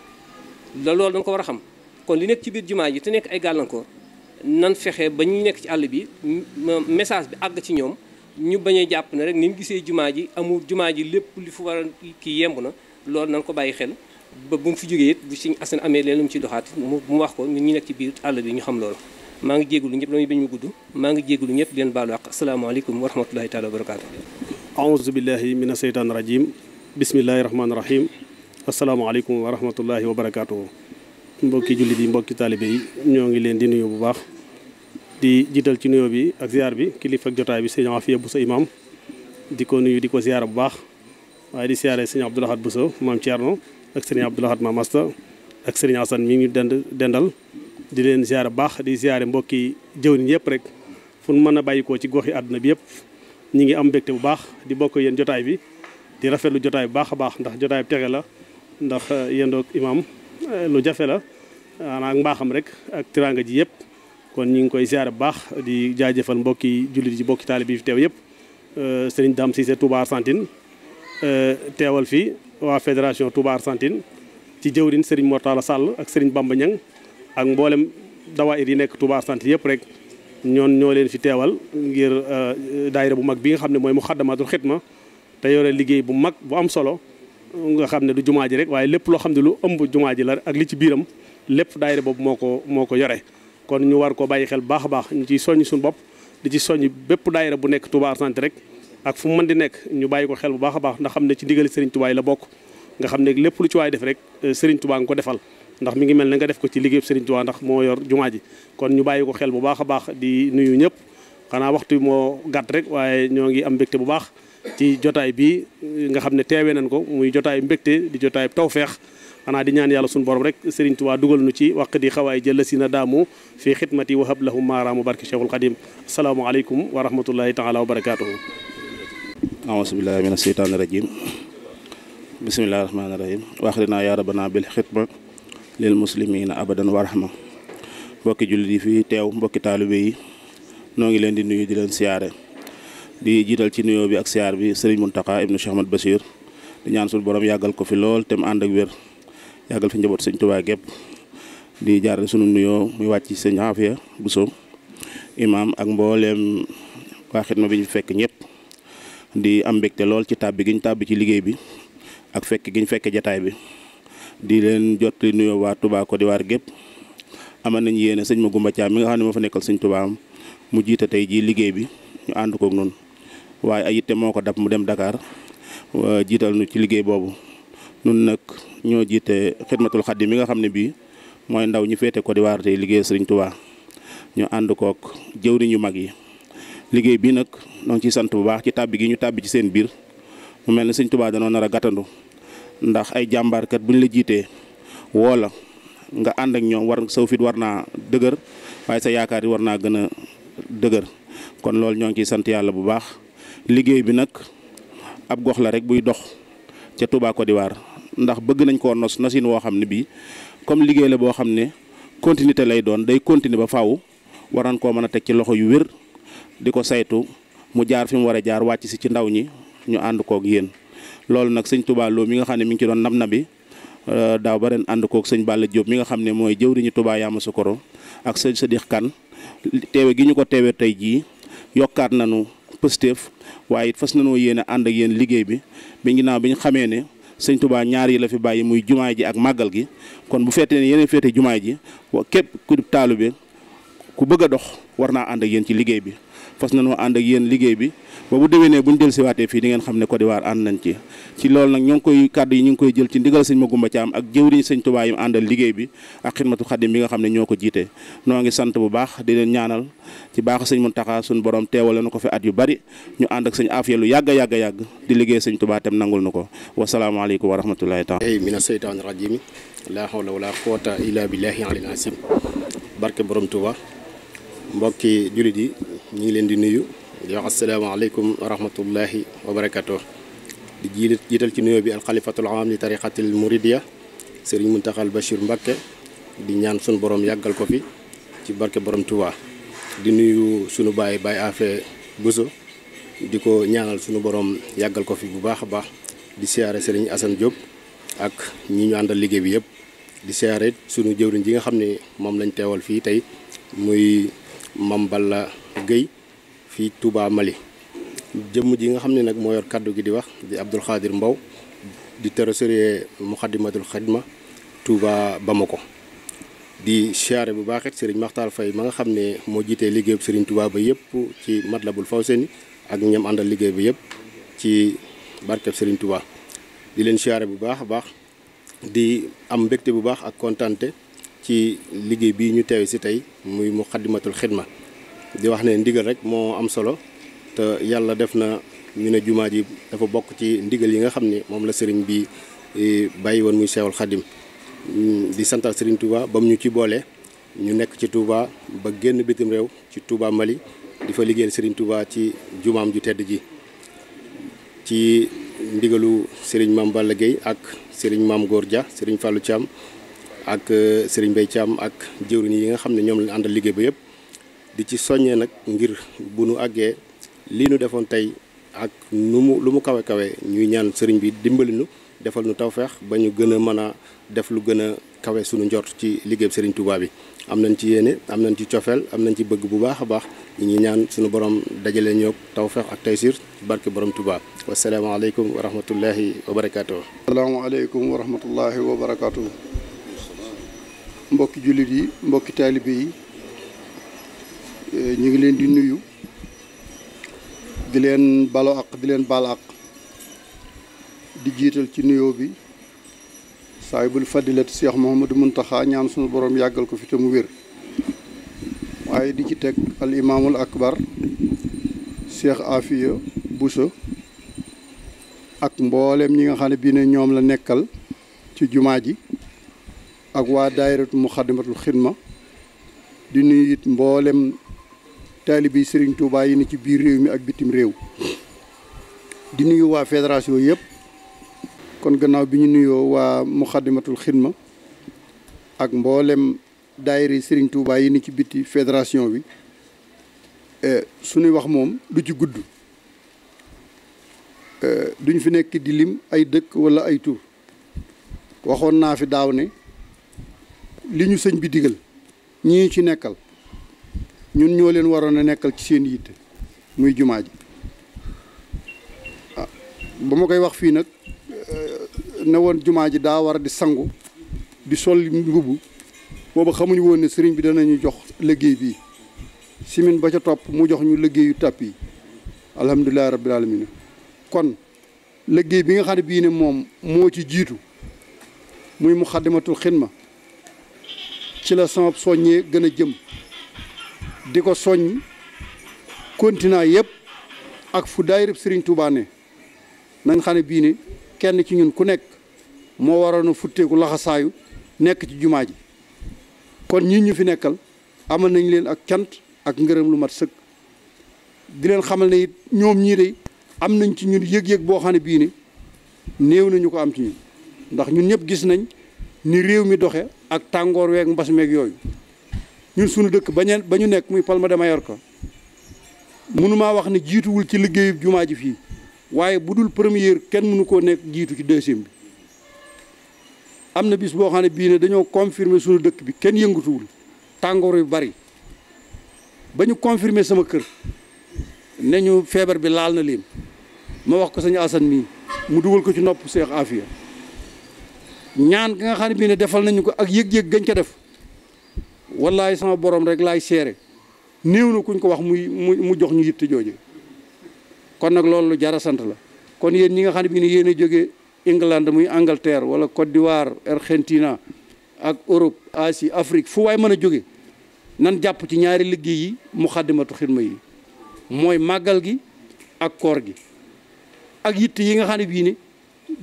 la loolu danga ko war a xam kon li nekk ci biir jumaa ji te nekk ay gàllankoor nan fexe ba ñuy nekk ci àll bi message bi àgg ci ñoom ñu bañ jàpp ne rek ni ñu gisee jumaa ji amul jumaa ji lépp li fu war a kii yemb na loolu nan ko bàyyi xel ba bu mu fi jógee it bu Sëñ Asan amee leen lu mu ci doxaat mu mu wax ko ñun ñu nekk ci biir àll bi ñu xam lool maa ngi jégalu ñëpp damay bañ ma gudd maa ngi jégalu ñëpp leen baalu àq asalaamaaleykum wa rahmatulahi taala wa barakaatu aouzu billahi mina seytaan rajim bismillahi rahmaani rahim asalaamaaleykum wa rahmatullahi wa barakaatu mbokki julli yi mbokki taalibe yi ñoo ngi leen di nuyu bu baax di jiital ci nuyoo bi ak ziar bi kilifa ak jotaay bi sëñ Afia Bousso imam di ko nuyu di ko ziar bu baax waaye di ziare sëñ Abdou Lahad Bousso maam Thierno ak sëñ Abdou Lahad maam Asta ak sëñ Assane mi ngi dend dendal di leen ziar baax di ziare mbokki jëwriñ yëpp rek fu mën a bàyyikoo ci gox yi àdduna bi yëpp ñi ngi am mbégte bu baax di bokk yéen jotaay bi di rafetlu jotaay bu baax a baax ndax jotaay bu la ndax eh, yendoog imam eh, jafe la maanaam mbaaxam rek ak tiranga ji yëpp kon ñu ngi koy ziare bu baax di jaajëfal mbokki jullit yi mbokki taalib yi fi teew yëpp euh, sëriñ Dame Cissé Touba Argentine euh, teewal fi waa fédération Touba Argentine ci jëwrin sëriñ Mortala Sall ak sëriñ Bamba Niang ak mboolem dawaayir yi nekk Touba Argentine yëpp rek ñoon ñoo leen fi teewal ngir euh, daayira bu mag bi nga xam ne mooy mu Muxaddamatul ma te yore liggéey bu mag bu am solo nga xam ne du jumaa ji rek waaye lépp loo xam ne lu ëmb jumaa ji la ak li ci biiram lépp daayira boobu moo ko moo ko yore kon ñu war ko bàyyi xel baax a baax ñu ciy soññ suñu bopp di ci soññ bépp daayira bu nekk Touba Argentine rek ak fu mu mën di nekk ñu bàyyi ko xel bu baax a baax ndax xam ne ci digal Serigne Touba la bokk nga xam ne lépp lu ci waay def rek euh, Serigne Touba nga ko defal ndax mi ngi mel na nga def ko ci liggéey Serigne Touba ndax moo yor jumaa ji kon ñu bàyyi ko xel bu baax a baax di nuyu ñëpp xanaa waxtu moo gàtt rek waaye ñoo ngi am mbégte bu baax ci jotaay bi nga xam ne teewee nañ ko muy jotaay mbégte di jotaay tawfeex xanaa di ñaan yàlla suñu borom rek Serigne Touba dugal nu ci waq di xawaay jëla si na daamu fi xidmati wahab lahum maaraamu barke Cheikhul Xadim asalaamaaleykum wa rahmatullahi taala wa barakaatuhu aousubillahi mina seytaani rajim bisimillahi rahmaani rahim waaxrinaa yaa rabbana bil xidma lil muslimina abadan wa rahma mbokki jullit yi fii teew mbokki taalibe yi noo ngi leen di nuyu di leen siyaare di jiital ci nuyoo bi ak siyaar bi Serigne Mountakha ibnu Cheikh Ahmad di ñaan suñu borom yàggal ko fi lool te mu ànd ak wér yàggal fi njaboot sëñ tubaa gépp di jaarale sunu nuyoo muy wàcc sëñ Afia Bousso imaam ak mbooleem waa xidma bi ñu fekk ñëpp di am mbégte lool ci tàbbi gi ñu tàbbi ci liggéey bi ak fekk gi ñu fekk jataay bi di leen jot li nuyoo waa Touba Côte d'Ivoire gépp amal nañ yéene sëñ Magoumba Thiam mi nga xam ne moo fa nekkal sëñ Touba am mu jiite tey jii liggéey bi ñu ànd kook noonu waaye ay yitte moo ko dab mu dem Dakar jiital nu ci liggéey boobu nun ñoo jiite xidmatul xaddim mi nga xam ne bii mooy ndaw ñu féete Côte d'Ivoire tey liggéey Sëriñ Tuubaa ñu ànd kook jëwriñ yu mag yi liggéey bi nag ñoo ngi ciy sant bu baax ci tàbbi gi ñu tàbbi ci seen biir mu mel ne Sëriñ tubaa danoo nar a gàttandu ndax ay jàmbaarkat bu ñu la jiitee woo nga ànd ak ñoom war saw fit war naa dëgër waaye sa yaakaar yi war naa gën a dëgër kon loolu ñoo ngi ciy sant yàlla bu baax liggéey bi nag ab gox la rek buy dox ca Touba Côte ndax bëgg nañ koo nos nosin woo xam ne bii comme liggéey la boo xam ne continuité lay doon day continuer ba faw waraan koo mën a teg ci loxo yu wér di ko saytu mu jaar fi mu war a jaar wàcc si ci ndaw ñi ñu ànd kook yéen loolu nag sëñ Touba Lo mi nga xam ne mi ngi ci doon nab nabi euh, daaw ba ren ànd koog sëñ Balla Diop mi nga xam ne mooy jëwriñu Touba Yamoussoukro ak sëñ Sadikh Kane teewe gi ñu ko teewee tey jii yokkaat nañu pësteef waaye it fas nañoo yéene ànd ak yéen liggéey bi bi ginnaaw bi ñu xamee ne sëñ Touba ñaar yi la fi bàyyi muy jumaay ji ak màggal gi kon bu fekkee ne yeneen féete jumaay ji képp ku taalibe ku bëgg a dox war naa ànd ak yéen ci liggéey bi fas nañoo ànd ak yéen liggéey bi ba bu déwénee bu ñu jël siwaatee fii di ngeen xam ne Côte d'Ivoire ànd nañ ci ci loolu nag ñoo ngi koy kàddu yi ñu ngi koy jël ci ndigal sëñ Magoumba Thiam ak jëwriñ sëñ Touba yi àndal liggéey bi ak xidmatu xadim bi nga xam ne ñoo ko jiite noo ngi sant bu baax di leen ñaanal ci baax sëñ Muntaxa suñ borom teewale na ko fi at yu bari ñu ànd ak sëñ Afiya lu yàgg a yàgg a yàgg di liggéey sëñ Touba tam nangul na ko wasalaamaaleykum wa rahmatullahi taala mina seytaani rajim laa hawla wala quwwata illa billahi alil asim barke borom Touba mbokki julit ñu ngi leen di nuyu di wax asalaamaaleykum wa rahmatullahi wa barakaatu di ji jiital ci nuyoo bi alxalifatul aam li tariqatil muridiya sëriñ Muntaxal Bachir mbakke di ñaan sunu borom yàggal ko fi ci barke borom Touba di nuyu sunu baay baay Afe Buso di ko ñaanal sunu borom yàggal ko fi bu baax a baax di siyaare sëriñ Assane Diop ak ñi ñu àndal liggéey bi yëpp di siyaare sunu jëwriñ ji nga xam ne moom lañ teewal fii tey muy Mame Balla Guèye fii Touba Mali jëmm ji nga xam ne nag moo yor kàddu gi di wax di Abdoul Khadir Mbow di trésorier Moukhaddamatoul Khidma Touba Bamako di siyaare bu baax it Serigne Makhtar Faye ma nga xam ne moo jiitee liggéeyub Serigne Touba ba yëpp ci Matlabul Fawzayni ak ñam àndal liggéey bi yëpp ci barkeb Serigne Touba di leen siyaare bu baax a baax di am mbégte bu baax ak kontaante ci liggéey bi ñu teew si tey muy Moukhaddamatoul Khidma di wax ne ndigal rek moo am solo te yàlla def na ñu ne jumaa ji dafa bokk ci ndigal yi nga xam ne moom la sëriñ bi eh, bàyyi woon muy seewal xadim mm, di santal sëriñ Touba ba mu ñu ci boole ñu nekk ci Touba ba génn bitim réew ci Touba Mali di fa liggéeyal sëriñ Touba ci jumaam ju tedd ji ci ndigalu sëriñ maam Balla Gueye ak sëriñ maam Góor ja sëriñ Fallou Thiam ak eh, sëriñ Mbaye Thiam ak jëwriñ yi nga xam ne ñoom lañ àndal liggéey ba yëpp di ci soññee nag ngir bu nu àggee lii nu defoon tey ak nu lu mu kawe kawe ñuy ñaan sëriñ bi dimbali nu defal nu tawfeex ba ñu gën a mën a def lu gën a kawe suñu njort ci liggéey sëriñ tubaab yi am nañ ci yéene am nañ ci cofeel am nañ ci bëgg bu baax a baax ñu ngi ñaan suñu borom dajale ñoo tawfeex ak taysiir ci barke borom Touba wasalaamaaleykum wa rahmatullahi wa barakaatu. asalaamaaleykum wa rahmatullahi wa barakaatu. mbokki jullit yi mbokki taalibe yi. Eh, ñu ngi leen di nuyu di leen balo ak di leen baal ak di jiital ci nuyoo bi saahibul fadilat Cheikh Mouhamadou Mountakha ñaan sunu borom yàggal ko fi te mu wér waaye di ci teg al imaamul akbar Cheikh Afia Bousso ak mboolem ñi nga xam bi bii ne ñoom la nekkal ci jumaa ji ak waa daayiratu muxaddamatul xidma di nuyu it mboolem taalibi sëriñ Touba yi ni ci biir réew mi ak bitim réew di nuyu waa fédération yëpp kon gannaaw bi ñu nuyoo waa Muxaddamatul Xidma ak mboolem daayiri sëriñ Touba yi ni ci biti fédération bi e, suñuy wax moom du ci gudd e, duñ fi nekk di lim ay dëkk wala ay tur waxoon naa fi daaw ne li ñu sëñ bi digal ñii ci nekkal ñun ñoo leen waroon a nekkal ci seen yitte muy jumaa ji ah ba ma koy wax fii nag eh, ne woon jumaa ji daa war a di sangu di sol mbubu boobu xamuñu woon ne sëriñ bi danañu jox liggéey bii simin ba ca topp mu jox ñu liggéeyu tàpp yi alhamdulilahi rabbil alamin kon léggéey bi nga xam ne bii ne moom moo ci jiitu muy mu xaddimatul xidma ci la sama soññee gën a jëm di ko soññ continent yëpp ak fu daayirab sëriñ Tuubaa ne nañ xam ne bii ne kenn ci ñun ku nekk moo waroon a futteeku laxasaayu nekk ci jumaa ji kon ñi ñu fi nekkal amal nañ leen ak cant ak ngërëm lu mat sëkk di leen xamal ne it ñoom ñii de am nañ ci ñun yëg-yëg boo xam ne bii néew nañu ko am ci ñun ndax ñun ñëpp gis nañ ni réew mi doxe ak tàngoor weeg mbasmeek yooyu ñun suñu dëkk bañeen ba ñu nekk muy Palma de Mallorca mënumaa wax ne jiituwul ci liggéeyu jumaa ji fii waaye bu dul première kenn mënu koo nekk jiitu ci deuxième bi am na bis boo xam ne bii ne dañoo confirmer suñu dëkk bi kenn yëngatuwul tàngoor yu bari ba ñu confirmer sama kër ne ñu feebar bi laal na leen ma wax ko sañu asan mii mu dugal ko ci nopp Seex Afiya ñaan gi nga xam ne bii ne defal nañu ko ak yëg-yëg gañ ca def wallaay sama borom rek laay seere néew na kuñ ko wax muy mu jox ñu yitte jooju kon nag loolu lu jara sant la kon yéen ñi nga xam ne bi ne yéen a jógee England muy Angleterre wala Côte d'Ivoire Argentina ak Europe Asie Afrique fu waay mën a jóge nan jàpp ci ñaari liggéey yi Muxaddamatul Xidma yi mooy màggal gi ak koor gi ak yitte yi nga xam ne bii ne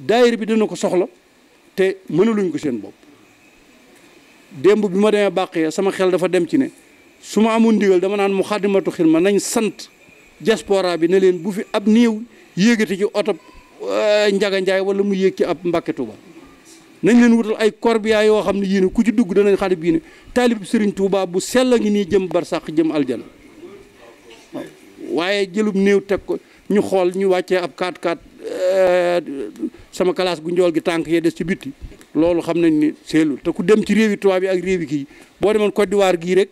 daayira bi na ko soxla te mënaluñ ko seen bopp démb bi ma demee bàqee sama xel dafa dem ci ne su ma amul ndigal dama naan mu xaddimatu xidma nañ sant diaspora bi ne leen bu fi ab néew yéegati ci oto eh, njaga njaay wala mu yéeg ci ab Mbàkke Tuuba nañ leen wutal ay corbillard yoo xam ne yéen ku ci dugg danañ xale bii ne taalib sëriñ Touba bu sell a ngi nii jëm barsàq jëm aljana waaye jëlub néew teg ko ñu xool ñu wàccee ab 4-4 eh, sama classe gu njool gi tànk yee des ci bitti loolu xam nañ ni seelul te ku dem ci réewi tubaab yi ak réewi kii boo demoon Côte d'Ivoire gii rek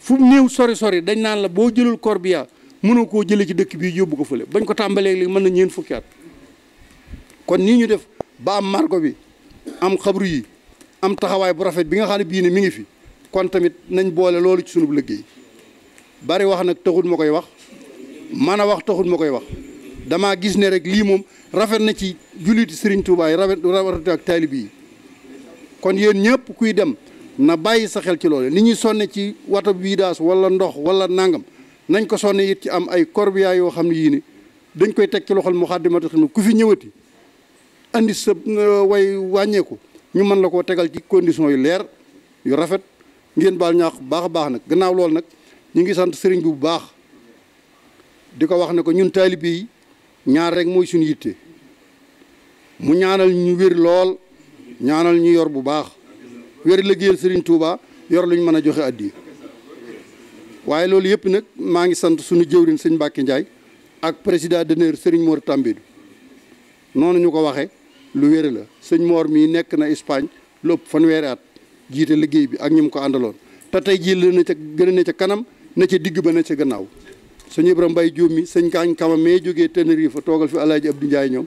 fu néew sori sori dañ naan la boo jëlul corbillard mënoo koo jëlee ci dëkk bii yóbbu ko fële bañ ko tàmbalee léegi mën na ñeen fukki at kon nii ñu def ba am margo bi am xabru yi am taxawaay bu rafet bi nga xam ne bii ne mi ngi fi kon tamit nañ boole loolu ci sunu liggéey bari wax nag taxul ma koy wax man a wax taxul ma koy wax damaa gis ne rek lii moom rafet na ci julliti Serigne Touba yi rafet rafet ak taalib yi kon yéen ñëpp kuy dem na bàyyi sa xel ci loolu ni ñuy sonne ci wata vidaas wala ndox wala nangam nañ ko sonne it ci am ay corbillard yoo xam ne yii ni dañ koy teg ci loxol Moukhaddamatoul Khidma ku fi ñëwati indi sa way wàññeeku ñu mën la koo tegal ci condition yu leer yu rafet ngeen baal ñaax baax a baax nag gannaaw loolu nag ñu ngi sant sëriñ bi bu baax di ko wax ne ko ñun taalibe yi ñaar rek mooy suñu mu ñaanal ñu wér lool ñaanal ñu yor bu baax wér liggéeyal sëriñ Touba yor luñ mën a joxe addi waaye loolu yëpp nag maa ngi sant suñu jëwriñ sëñ Mbacke Ndiaye ak président d'honneur Serigne Mor Tambidou noonu ñu ko waxee lu wér la sëñ moor mii nekk na Espagne lépp fanweeri at jiite liggéey bi ak ñi mu ko àndaloon te tey jii la na ca gën a ne ca kanam na ca digg ba na ca gannaaw sëñ Ibrahima Mbaye Diop mi sëñ Kaañ Kama mee jógee Tenerife fa toogal fi El Hadj Abdou Ndiaye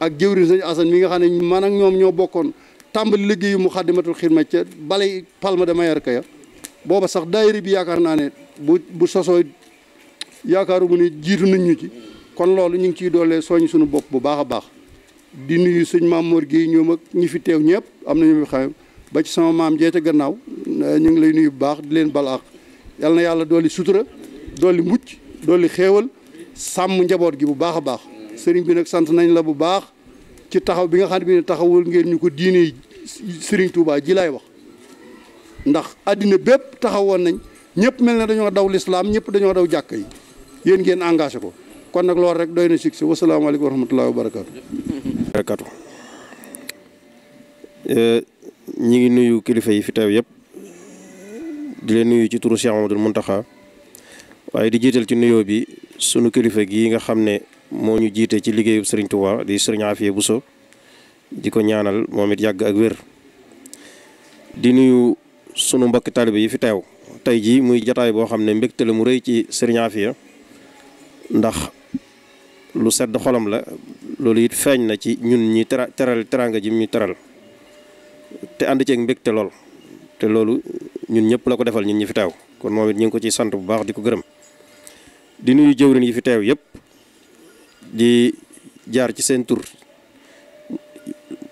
ak jëwriñ sëñ Assane mi nga xam ne man ak ñoom ñoo bokkoon tàmbali mu liggéeyu Muxaddamatul Xidma bala balay Palma de Mallorca ya booba sax daayira bi yaakaar naa ne bu bu sosoo yaakaaru mu ne jiitu nañ ñu ci kon loolu ñu ngi ciy doolee soññ suñu bopp bu baax a baax di nuyu sëñ maam Mor gi ñoom ak ñi fi teew ñëpp am na ñu fi xam ba ci sama maam jeete gannaaw eh, ñu ngi lay nuyu bu baax di leen bal ak yal na yàlla dooli sutura dooli mucc dooli xéewal sàmm njaboot gi bu baax a baax sëriñ bi nag sant nañ la bu baax ci taxaw bi nga xam ne bi ne taxawul ngeen ñu ko diine sëriñ Touba ji laay wax ndax àddina bépp taxaw taxawoon nañ ñëpp mel na dañoo daw lislaam ñëpp dañoo daw jàkk yi yéen ngeen engagé ko kon nag loolu rek doy na succès wasalaamaaleykum wa rahmatullahi wa eh, ngi nuyu kilifa yi fi yëpp di leen nuyu ci turu Cheikh Amadou Mountakha waaye di jiital ci nuyoo bi sunu kilifa gii nga xam ne moo ñu jiite ci liggéeyub sëriñ Touba di sëriñ bu so di ko ñaanal moom it yàgg ak wér di nuyu sunu mbokk taalibe yi fi teew tey jii muy jataay boo xam ne mbégte la mu rëy ci sëriñ Afia ndax lu sedd xolam la loolu it feeñ na ci ñun ñi tera teral teranga ji ñu teral te ànd ceeg mbégte lool te loolu ñun ñëpp la ko defal ñun ñi fi teew kon moom it ñu ngi ko ci sant bu baax di ko gërëm di nuyu jëwriñ yi fi teew yëpp di jaar ci seen tur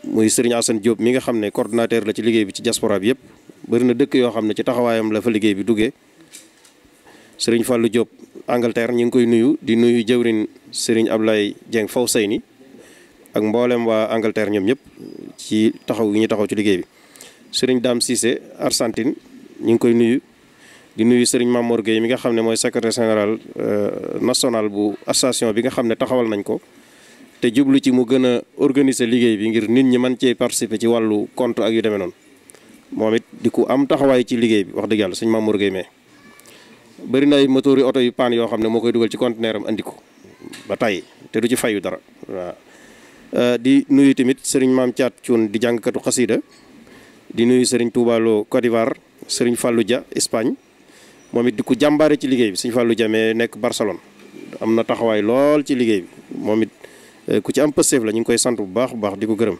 muy Serigne Assane Diop mi nga xam ne coordonnateur la ci liggéey bi ci jasporaa bi yëpp bëri na dëkk yoo xam ne ci taxawaayam la fa liggéey bi duggee Serigne Fallou Diop Angleterre ñu ngi koy nuyu di nuyu jëwrin Serigne Ablaye Dieng Fawceyni ak mboolem waa Angleterre ñoom ñëpp ci taxaw gi ñu taxaw ci liggéey bi Serigne Dame Cissé Argentine ñu ngi koy nuyu. di nuyu sëriñ Mamour Gueye mi nga xam ne mooy secrétaire général euh, national bu association bi nga xam ne taxawal nañ ko te jublu ci mu gën a organiser liggéey bi ngir nit ñi mën cee participer ci wàllu compte ak yu demee noonu moom it di ku am taxawaay ci liggéey bi wax dëgg yàlla sëñ Mamour Gueye mais bëri na ay motoor yu oto yu paan yoo xam ne moo koy dugal ci conteneur am andi ko ba tey te du ci fayu dara waaw euh, di nuyu tamit sëriñ maam Thiat Thioune di jàngkatu xasida di nuyu sëriñ Touba Lo Côte d'Ivoire sëriñ Espagne moom it di ko jàmbaare ci liggéey bi sëñ Fallou Diame nekk Barcelone am na taxawaay lool ci liggéey bi moom it eh, ku ci am pësteef la ñu ngi koy sant bu baax bu baax di ko gërëm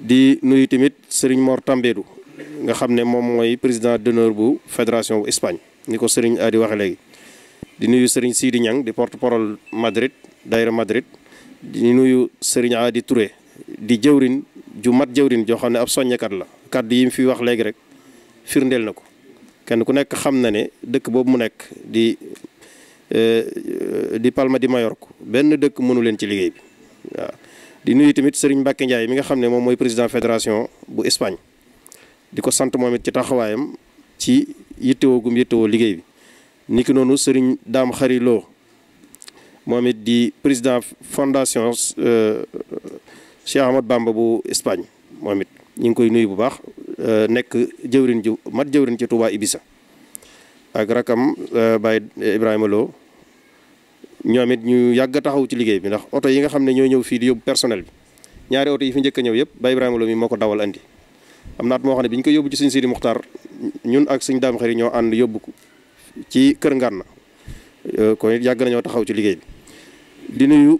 di nuyu tamit Serigne Mor Tambédou nga xam ne moom mooy président d'honneur bu fédération bu Espagne ni ko Serigne Adi waxe léegi di nuyu Serigne Sidi Niang di porte parole Madrid daayira Madrid di nuyu Serigne Adi Touré di jëwrin ju mat jëwrin joo xam ne ab soññekat la kàddu yi mu fi wax léegi rek firndeel na ko kenn ku nekk xam na ne dëkk boobu mu nekk di euh, di Palma di Majorque benn dëkk mënu leen ci liggéey bi di nuyu tamit Serigne Mbacke Ndiaye mi nga xam ne moom mooy président fédération bu Espagne di ko sant moom it ci taxawaayam ci yittewoo gum yittewoo liggéey bi niki noonu Serigne Dame Khary Lo moom it di président fondation euh, Cheikh Ahmad Bamba bu Espagne moom it ñu ngi koy nuyu bu baax euh, nekk jëwrin ju mat jëwrin ci Touba Ibisa ak rakam euh, Baye Ibrahima Lo ñoom it ñu yàgg a taxaw ci liggéey bi ndax oto yi nga xam ne ñoo ñëw fii di yóbbu personnel bi ñaari oto yi fi njëkk ñëw yëpp Baye Ibrahima Lo mi moo ko dawal andi am na at moo xam ne bi ñu ko yóbbu ci suñ Sidi Muxtaar ñun ak suñ daam xëri ñoo ànd yóbbu ko ci kër Ngànna euh, kon it yàgg nañoo taxaw ci liggéey bi di nuyu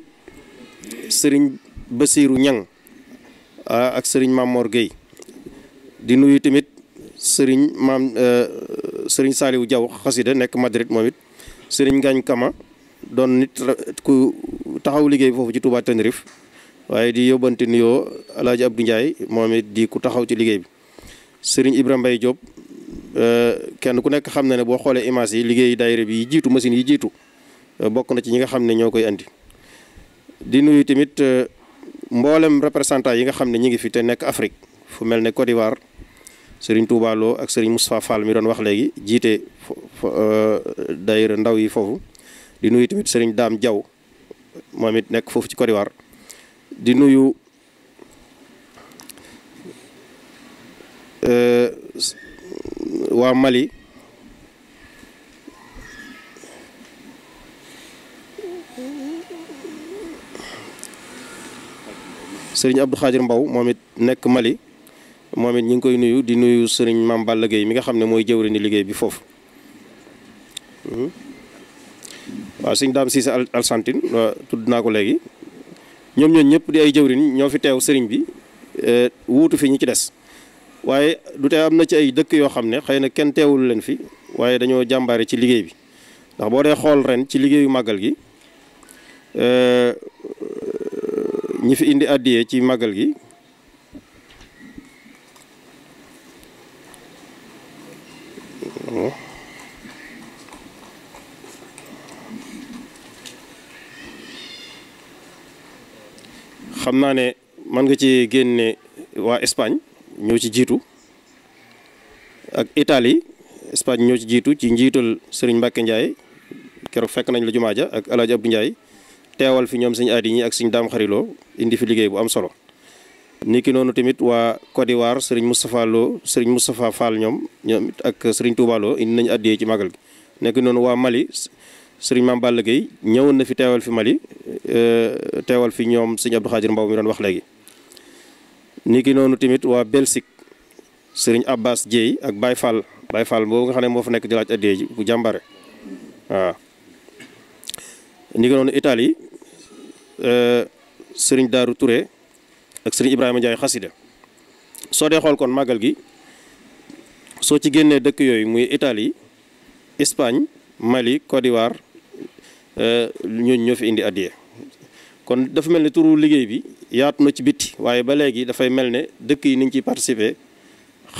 Serigne Basirou Niang ak sëriñ Maam Mor Guèye di nuyu tamit sëriñ maam euh, sëriñ Saliou Diaw xasida nekk Madrid moom it sëriñ Ngagne Kama doon nit ku taxaw liggéey foofu ci Touba Tenerife waaye di yóbbante nuyoo El Hadj Abdou Ndiaye moom it di ku taxaw ci liggéey bi sëriñ Ibrahima Mbaye Diop euh, kenn ku nekk xam na ne boo xoolee image yi liggéey daayira bi yi jiitu machine yi jiitu euh, bokk na ci ñi nga xam ne ñoo koy andi di nuyu tamit. mboolem représentant yi nga xam ne ñi ngi fi te nekk Afrique fu mel ne Côte d'Ivoire Serigne Touba ak Serigne Moustapha Fall mi doon wax léegi jiite euh, daayira ndaw yi foofu di nuyu tamit Serigne Dame Diaw moom it nekk foofu ci Côte d'Ivoire di nuyu euh, waa Mali sëriñ Abdou Khadir Mbow moom it nekk Mali moom it ñu ngi koy nuyu di nuyu sëriñ Mame Balla Gueye mi nga xam ne mooy jëwriñu liggéey bi foofu. Hmm. waaw sëñ Dame Cissé Alsantine tudd naa ko léegi ñoom ñooñu ñëpp di ay jëwriñ ñoo fi teew sëriñ bi e, wuutu fi ñu ci des. waaye du tee am na ci ay dëkk yoo xam ne xëy na kenn teewul leen fi waaye dañoo jàmbaare ci liggéey bi ndax boo dee xool ren ci liggéeyu màggal gi e, ñi fi indi àddiyee ci màggal gi xam naa ne mën nga ci génne waa Espagne ñoo ci jiitu ak itali Espagne ñoo ci jiitu ci njiital Serigne mbakk Ndiaye keroog fekk nañ la jumaa ja ak El Hadj Abdou Ndiaye teewal fi ñoom suñu aad ñi ak suñu daam xariloo indi fi liggéey bu am solo. niki noonu tamit waa Côte d'Ivoire Serigne Moustapha Lo Serigne Moustapha Fall ñoom ñoom ak Serigne Touba indi nañu addiyee ci magal gi. niki noonu waa Mali Serigne Mame Balla Gueye ñëwoon na fi teewal fi Mali euh, teewal fi ñoom Serigne Abdou Khadir Mbow mi doon wax léegi. niki noonu tamit waa Belgique Serigne Abbas Dieye ak baay Fall Baye Fall boobu nga xam ne moo fa nekk di laaj addiyee bu jàmbare waaw. ni itali noonu euh, sëriñ Daaru Touré ak sëriñ Ibrahima Ndiaye xasida soo dee xool kon màggal gi soo ci génnee dëkk yooyu muy itali Espagne Mali Côte d'Ivoire euh, ñooñu ñoo fi indi addiye kon dafa mel ne turu liggéey bi yaatu na ci bitti waaye ba léegi dafay mel ne dëkk yi niñ ciy participer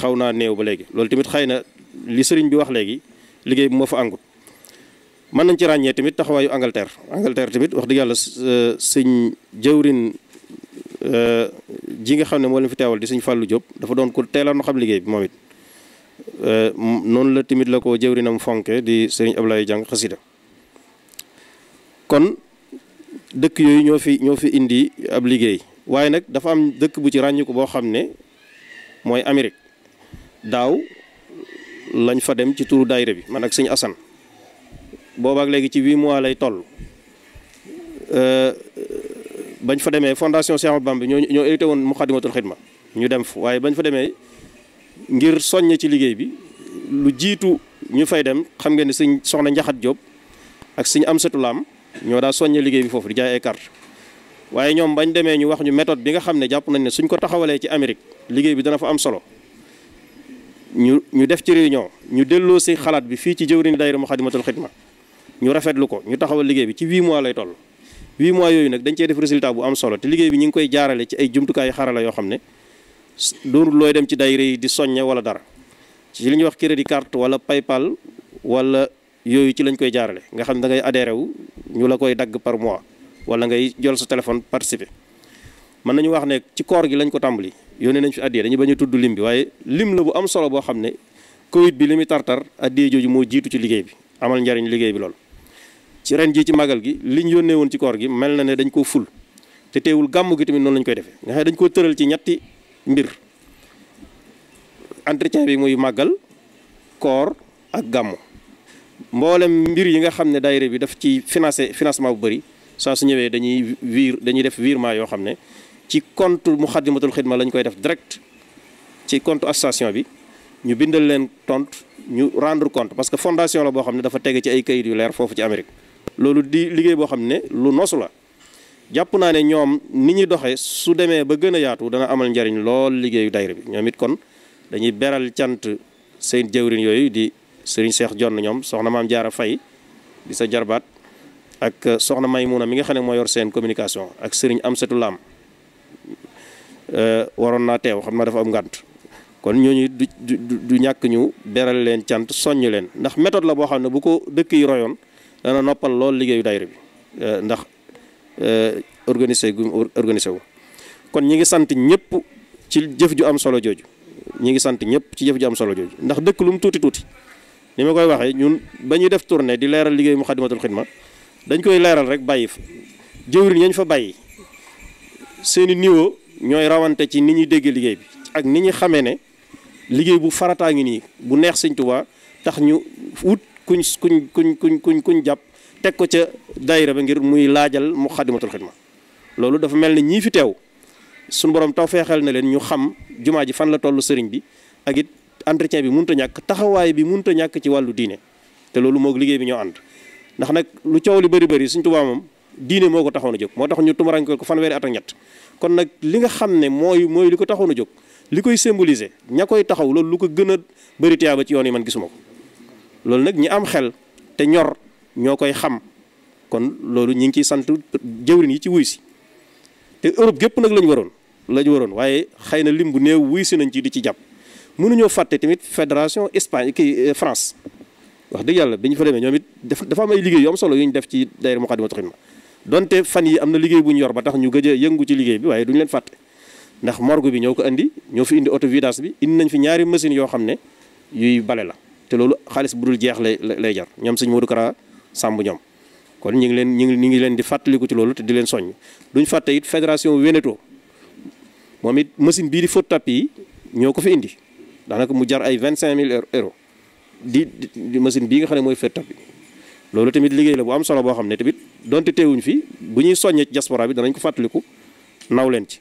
xaw naa néew ba léegi loolu tamit xëy na li sëriñ bi wax léegi liggéey bi moo fa àngut mën nañ ci ràññee tamit taxawaayu Angleterre Angleterre tamit wax dëgg yàlla euh, sëñ jëwrin euh, ji nga xam ne moo leen fi teewal di sëñ Fallou Diop dafa doon ko teeloon na liggéey bi moom it euh, noonu la tamit la ko jëwrinam fonke di sëriñ Ablaye jàng xasida kon dëkk yooyu ñoo fi ñoo fi indi ab liggéey waaye nag dafa am dëkk bu ci ràññiku boo xam ne mooy Amérique daaw lañ fa dem ci turu daayira bi man ak sëñ Assane boobaak léegi ci huit mois lay toll euh, bañ fa demee fondation Cheikh Ahmadou Bamba ñoo ñoo hérité woon Moukhaddamatoul Khidma ñu dem fa waaye bañ fa demee ngir soññ ci liggéey bi lu jiitu ñu fay dem xam nga ne sëñ soxna Njaxat Jóob ak sëñ Amsatu Laam ñoo daa soññee liggéey bi foofu di jaay ay waaye ñoom bañ demee ñu wax ñu méthode bi nga xam ne jàpp nañ ne suñ ko taxawalee ci Amérique liggéey bi dana fa am solo ñu ñu def ci réunion ñu delloo si xalaat bi fii ci jëwriñ daayira Moukhaddamatoul Khidma ñu rafetlu ko ñu taxawal liggéey bi ci 8 mois lay toll 8 mois yooyu nag dañ cee def résultat bu am solo te liggéey bi ñu ngi koy jaarale ci ay jumtukaayu xarala yoo xam ne doonul looy dem ci daayira yi di soññe wala dara ci li ñuy wax crédit carte wala paypal walla yooyu ci lañ koy jaarale nga xam ne da ngay adhéré wu ñu la koy dagg par mois wala ngay jol sa téléphone participer mën nañu wax ne ci koor gi lañ ko tàmbali yónnee nañ fi addiya dañu bañ tudd lim bi waaye lim la bu am solo boo xam ne Covid bi li muy tartar addiya jooju moo jiitu ci liggéey bi amal njariñ liggéey bi lool ci ren jii ci màggal gi liñ yónnee woon ci koor gi mel na ne dañ ko ful te teewul gàmmu gi tamit noonu lañ koy defe nga xam dañ koo tëral ci ñetti mbir entretien bi muy màggal koor ak gàmmu mboolem mbir yi nga xam ne daayira bi daf ci financé financement bu bëri saa su ñëwee dañuy vir dañuy def virement yoo xam ne ci compte Muxaddamatul Xidma lañ koy def direct ci conte association bi ñu bindal leen tontu ñu rendre compte parce que fondation la boo xam ne dafa tege ci ay kayit yu leer foofu ci Amérique loolu di liggéey boo xam ne lu nosu la jàpp naa ne ñoom ni ñuy doxee su demee ba gën a yaatu dana amal njariñ lool liggéeyu daayira bi ñoom it kon dañuy beral cant seen jëwrin yooyu di sëriñ Seex Jonn ñoom soxna maam Jaara Fay di sa jarbaat ak soxna Maymuna mi nga xam ne moo yor seen communication ak sëriñ Amsatu Lam euh, waroon naa teew xam naa dafa am ngànt kon ñooñu du du ñàkk ñu beral leen cant soññ leen ndax méthode la boo xam ne bu ko dëkk yi royoon dana noppal lool liggéeyu daayira bi eh, ndax organisé gu organisé wu kon ñi ngi sant ñëpp ci jëf ju am solo jooju ñi ngi sant ñëpp ci jëf ju am solo jooju ndax dëkk lu mu tuuti tuuti ni ma koy waxee ñun ba ñu def tournée di leeral liggéey mu xadimatul xidma dañ koy leeral rek bàyyi fa jëwriñ yañ fa bàyyi seeni niveau ñooy rawante ci ni ñuy déggee liggéey bi ak ni ñu xamee ne liggéey bu farataa ngi nii bu neex sëñ Tuubaa tax ñu wut kuñ kuñ kuñ kuñ kuñ kuñ jàpp teg ko ca daayira ba ngir muy laajal mu xadimatul ma loolu dafa mel ne ñii fi teew suñ borom taw feexal na leen ñu xam jumaa ji fan la toll sëriñ bi ak it entretien bi mun munta ñàkk taxawaay bi mun ta ñàkk ci wàllu diine te loolu moo liggéey bi ñoo ànd ndax nag lu coow li bëri bari suñ tubaa moom diine moo ko taxoon a jóg moo tax ñu tumaranke ko fan at ak ñett kon nag li nga xam ne mooy mooy li ko taxoon a jóg li koy symboliser ña koy taxaw loolu lu ko gën a bëri tiyaaba ci yoon yi man gisuma ko loolu nag ñi am xel te ñor ñoo koy xam kon loolu ñu ngi ciy sant jëwrin yi ci wuy si te Europe gépp nag lañu waroon lañu waroon waaye xëy na lim bu néew wuy si nañ ci di ci jàpp mënuñoo fàtte tamit federation Espagne ki euh, France wax dëgg yàlla bi ñu fa demee ñoom it dafa am ay liggéey yoom solo yu ñu def ci daayira Moukhaddamatoul ma donte fan yi am na liggéey bu ñu yor ba tax ñu gëj yëngu ci liggéey bi waaye duñu leen fàtte ndax morgue bi ñoo ko indi ñoo fi indi auto vidange bi indi nañ fi ñaari machine yoo xam ne yuy bale la te loolu xaalis bu dul jeex lay lay jar ñoom sëñ Modou Kara sàmb ñoom kon ñu ngi leen ñu ngi ñu ngi leen di fàttaliku ci loolu te di leen soññ duñ fàtte it fédération Veneto moom it machine bii di fóot yi ñoo ko fi indi daanaka mu jar ay vingt cinq mille euros di di machine bii nga xam ne mooy fóot tapis loolu tamit liggéey la bu am solo boo xam ne tamit donte teewuñ fi bu ñuy soññee ci bi danañ ko fàttaliku naw leen ci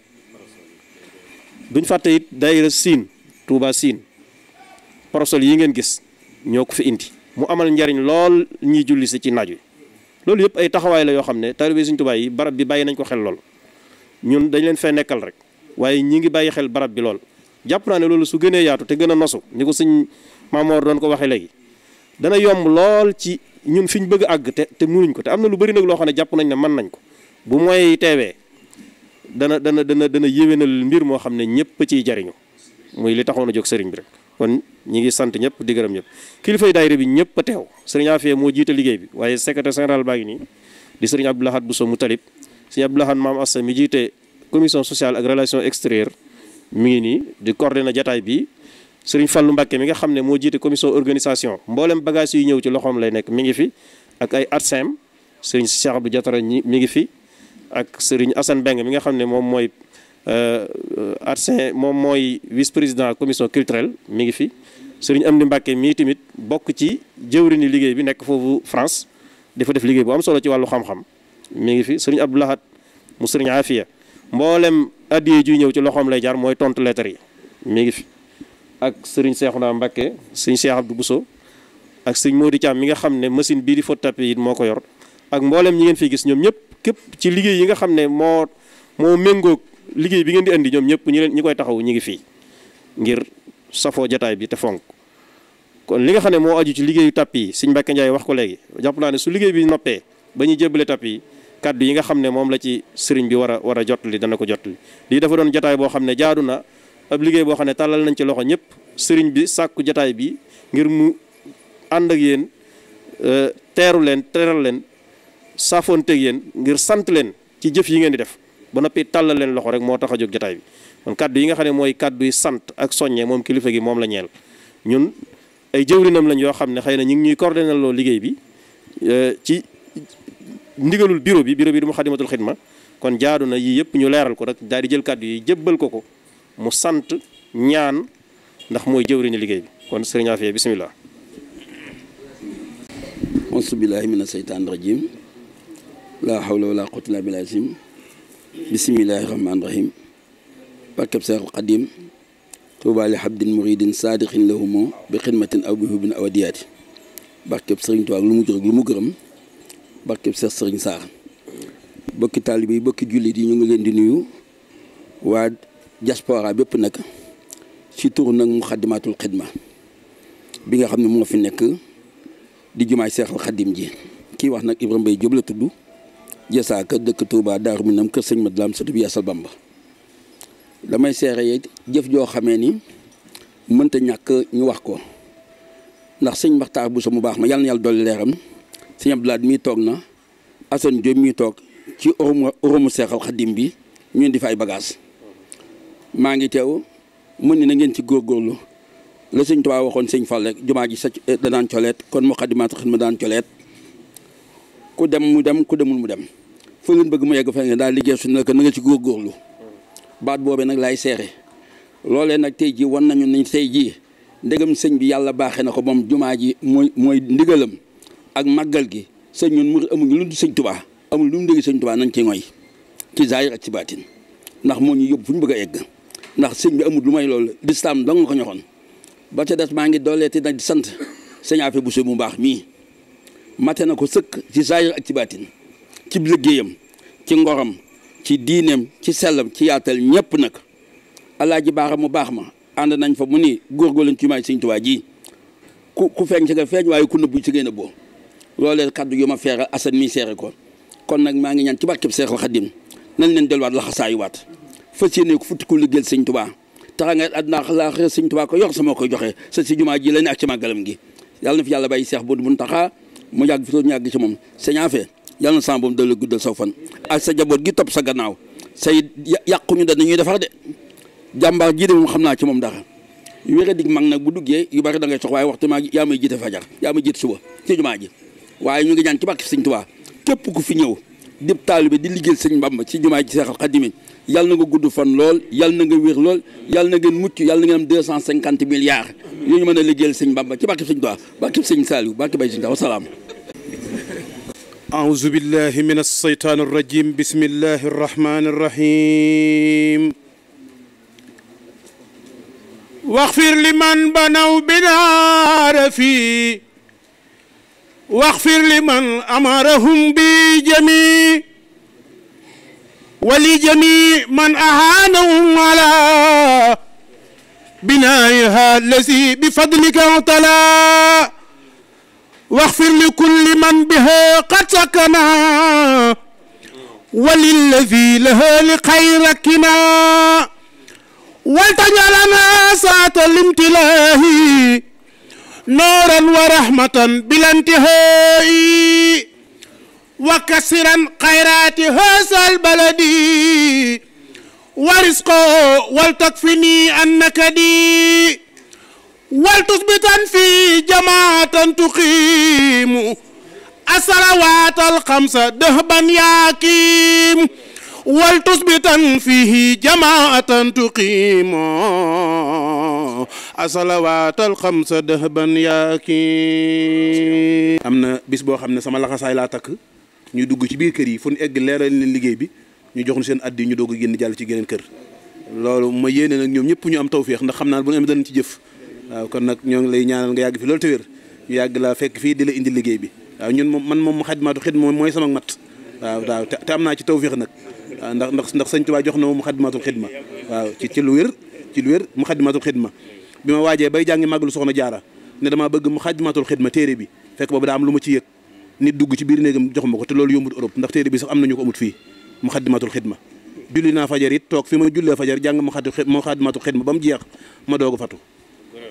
duñ fàtte day daayira siin tuuba siin parasol yi ngeen gis ñoo ko fi indi mu amal njariñ lool ñiy julli si ci naaj wi loolu yëpp ay taxawaay la yoo xam ne taalibe Sëriñ Tuubaa yi barab bi bàyyi nañ ko xel lool ñun dañ leen fee nekkal rek waaye ñi ngi bàyyi xel barab bi lool jàpp naa ne loolu su gënee yaatu te gën a nosu ni ko sëñ Maamoor doon ko waxee léegi dana yomb lool ci ñun fi ñu bëgg a àgg te te munuñ ko te am na lu bari nag loo xam ne jàpp nañ ne man nañ ko bu mooy teewee dana dana dana dana yéwénal mbir moo xam ne ñëpp ciy jariñu muy li taxoon a jóg sëriñ bi rek kon ñi ngi sant ñëpp di gërëm ñëpp kilifay daayira bi ñëpp a teew sëriñ Afia moo jiite liggéey bi waaye secrétaire général baa ngi nii di sëriñ Abdou Lahad Bousso Moutalib sëriñ Abdou Lahad Maam Assa mi jiite commission sociale ak relation extérieure mi ngi nii di cordé na jataay bi seriñ Fallou Mbacke mi nga xam ne moo jiite commission organisation mboolem bagage yu ñëw ci loxoom lay nekk mi ngi fi ak ay artsem sëriñ Cheikh Abdou Diatara ñi mi ngi fi ak sëriñ Assane Beng mi nga xam ne moom mooy Euh, euh, Arsin moom mooy vice président commission culturelle mi ngi fi Serigne Amdi Mbàkke mii tamit bokk ci jëwriñu liggéey bi nekk foofu France dafa def liggéey bu am solo ci wàllu xam-xam mi ngi fi Serigne Abdou Lahad mu Serigne Afia mboolem addiye juy ñëw ci loxoom lay jaar mooy tontu lettre yi mi ngi fi ak Serigne Cheikhouna Mbàkke Serigne Cheikh Abdou buso ak Serigne Modou caam mi nga xam ne machine bii di fot tapis yi moo ko yor ak mboolem ñi ngeen fi gis ñoom ñëpp ci liggéey yi nga xam ne moo moo méngoog liggéey bi ngeen di indi ñoom ñëpp ñu leen ñi koy taxaw ñu ngi fii ngir safoo jataay bi te fonk kon li nga xam ne moo aju ci liggéeyu tàpp yi sëñ Mbàkke Njaay wax ko léegi jàpp naa ne su liggéey bi noppee ba ñuy jébbale tàpp yi kàddu yi nga xam ne moom la ci sëriñ bi war a war a jottali dana ko jottali lii dafa doon jataay boo xam ne jaadu na ab liggéey boo xam ne tàllal nañ ci loxo ñëpp sëriñ bi sàkku jataay bi ngir mu àndak ak yéen euh, teeru leen teral leen saafoonteeg yéen ngir sant leen ci jëf yi ngeen di def ba noppi tàllal leen loxo rek moo tax a jóg jotaay bi kon kàddu yi nga xam ne mooy kàddu yi sant ak soññe moom kilifa gi moom la ñeel ñun ay jëwrinam lañ yoo xam ne xëy na ñu ngi ñuy coordonné loo liggéey bi euh, ci ndigalul bureau bi bureau bi du mu xadimatul xidma kon jaadu na yii yëpp ñu leeral ko rek daal jël kàddu yi jébbal ko ko mu sant ñaan ndax mooy jëwriñu liggéey bi kon sëriñ Afia bisimilah. auzu billaahi mina seytaani rajiim laa hawla wala quwwata illaa billaahi bisimillahi rahmaani rahim barkab seexul xadim tuubaali xabdin muridin saadiqin lahumo bi xidmatin aw bi hubin aw adiyaati barkab sëriñ Tuubaa lu mu jur lu mu gërëm barkab seex sëriñ Saar bokki taalibe yi bokki jullit yi ñu ngi leen di nuyu waa diaspora bépp nag ci tur nag mu xaddimaatul xidma bi nga xam ne moo fi nekk di jumaay seexal xadim ji kii wax nag Ibrahima Mbaye Diop la tudd jasaaka dëkk Touba Daaru Minam kër sëñ Madlaam sëtu bi Yaasal Bamba damay seere yi jëf joo xamee ni mënta ñàkk ñu wax ko ndax sëñ bu sa mu baax ma yàlla na yàlla dolli leeram sëñ Abdou Lahad mii toog na Assane Diop mii toog ci oromu oromu seexal xadim bi ñu indi fa ay maa ngi teew mën ni na ngeen ci góorgóorlu la sëñ Tuubaa waxoon sëñ fal rek jumaa ji sa eh, danaan coleet kon mu xadimaat xidma daan coleet ku dem mu dem ku demul mu dem foo leen bëgg mu yegg fa ngeen daal liggéey suñu nag na nga ci góorgóorlu baat boobee nag laay seere loolee nag tey jii wan nañu ne tey jii ndegam sëñ bi yàlla baaxee na ko moom jumaa ji mooy mooy ndigalam ak màggal gi sëñ ñun mu amuñu lu dul amul lu mu dégg sëñ tubaa nañ ci ngoy ci zaahir ak ci baatin ndax moo ñu yóbbu fu bëgg a yegg ndax sëñ bi amul lu may loolu lislaam dong nga ko ñoxoon ba ca des maa ngi dooleeti nag di sant sëñ bu Bousso mu baax mii mate na ko sëkk ci zaahir ak ci baatin ci liggéeyam ci ngoram ci diineem ci sellam ci yaatal ñëpp nag ji baax mu baax ma ànd nañ fa mu ni góorgóorluñ ci may Sëñ Tuubaa ji ku ku feeñ si nga feeñ waaye ku nëbbu si nga nëbboo loolee kaddu yu ma feeral Assane mi seere ko kon nag maa ngi ñaan ci barkeb Seexul Xadim nañ leen delluwaat laxasaayuwaat fas yéene ko futti ko liggéeyal Sëñ Tuubaa taxa nga àdduna laa xëy Sëñ Tuubaa ko yor sama koy joxee sa si jumaa ji la ne ak ci màggalam gi yàlla fi yàlla bàyyi Seex Boodu Muntaxa mu yàgg fi ñu yàgg ci moom sëñ Afe yal na sama boom dala guddal saw fan ak sa jaboot gi topp sa gannaaw say yàquñu da ñuy defar de jàmbaar ji de moom xam naa ci moom dara wéra dig mag nag bu duggee yu bari da ngay sox waaye waxtu maa yaa may jiite fajar yaa may jiite suba ci jumaa ji waaye ñu ngi ñaan ci barke sëñ Tuubaa ku fi ñëw di taalibe di liggéey sëñ Mbàmba ci jumaa ji Seexal Xadiim yal na nga gudd fan lool yal na nga wér lool yal na ngeen mucc yal ngeen am cent cinquante milliards yu ñu mën a liggéeyal sëñ Mbàmba ci barke sëñ Tuubaa barke sëñ Saaliw barke bay sëñ Tuubaa wasalaam أعوذ بالله من الشيطان الرجيم بسم الله الرحمن الرحيم واغفر لمن بنوا بنار في واغفر لمن أمرهم بجميع ولجميع من أهانهم على بنائها الذي بفضلك وطلع واغفر لكل من بها قد سكنا وللذي لها لخيركنا ولتجعلنا ساعة الامتلاه نورا ورحمة بلا انتهاء وكسرا خيرات هذا البلد ورزقه ولتكفني النكدي ولتثبتا في جماعة تقيم الصلوات الخمس دهبا يقيم ولتثبتا فيه جماعة تقيم الصلوات الخمس دهبا يقيم am na bis boo xam ne sama laxasaay laa takk ñu dugg ci biir kër yi fu ñu egg leeral leen liggéey bi ñu jox joxuñu seen addi ñu doog a génn jàll ci geneen kër loolu ma yéene nag ñoom ñëpp ñu am tawféex ndax xam naa bu ñu am danañ ci jëf waaw kon nag ñoo ngi lay ñaanal nga yàgg fi loolu te ñu yàgg laa fekk fii di la indi liggéey bi waaw ñun moom man moom Moukhaddamatoul Khidma mooy sama mat waaw waaw te am naa ci nag waaw ndax ndax ndax sëñ Tuubaa jox na ma Moukhaddamatoul Khidma waaw ci ci lu wér ci lu wér Moukhaddamatoul Khidma bi ma waajee bay jàngi màggalu soxna jaara ne damaa bëgg Moukhaddamatoul Khidma téere bi fekk boobu am lu ma ci yëg nit dugg ci biir néegam jox ma ko te loolu yombut Europe ndax téere bi sax am nañu ko amut fii Moukhaddamatoul Khidma julli naa fajar it toog fi ma jullee fajar jàng Moukhaddamatoul Khidma ba mu jeex ma doog a fatu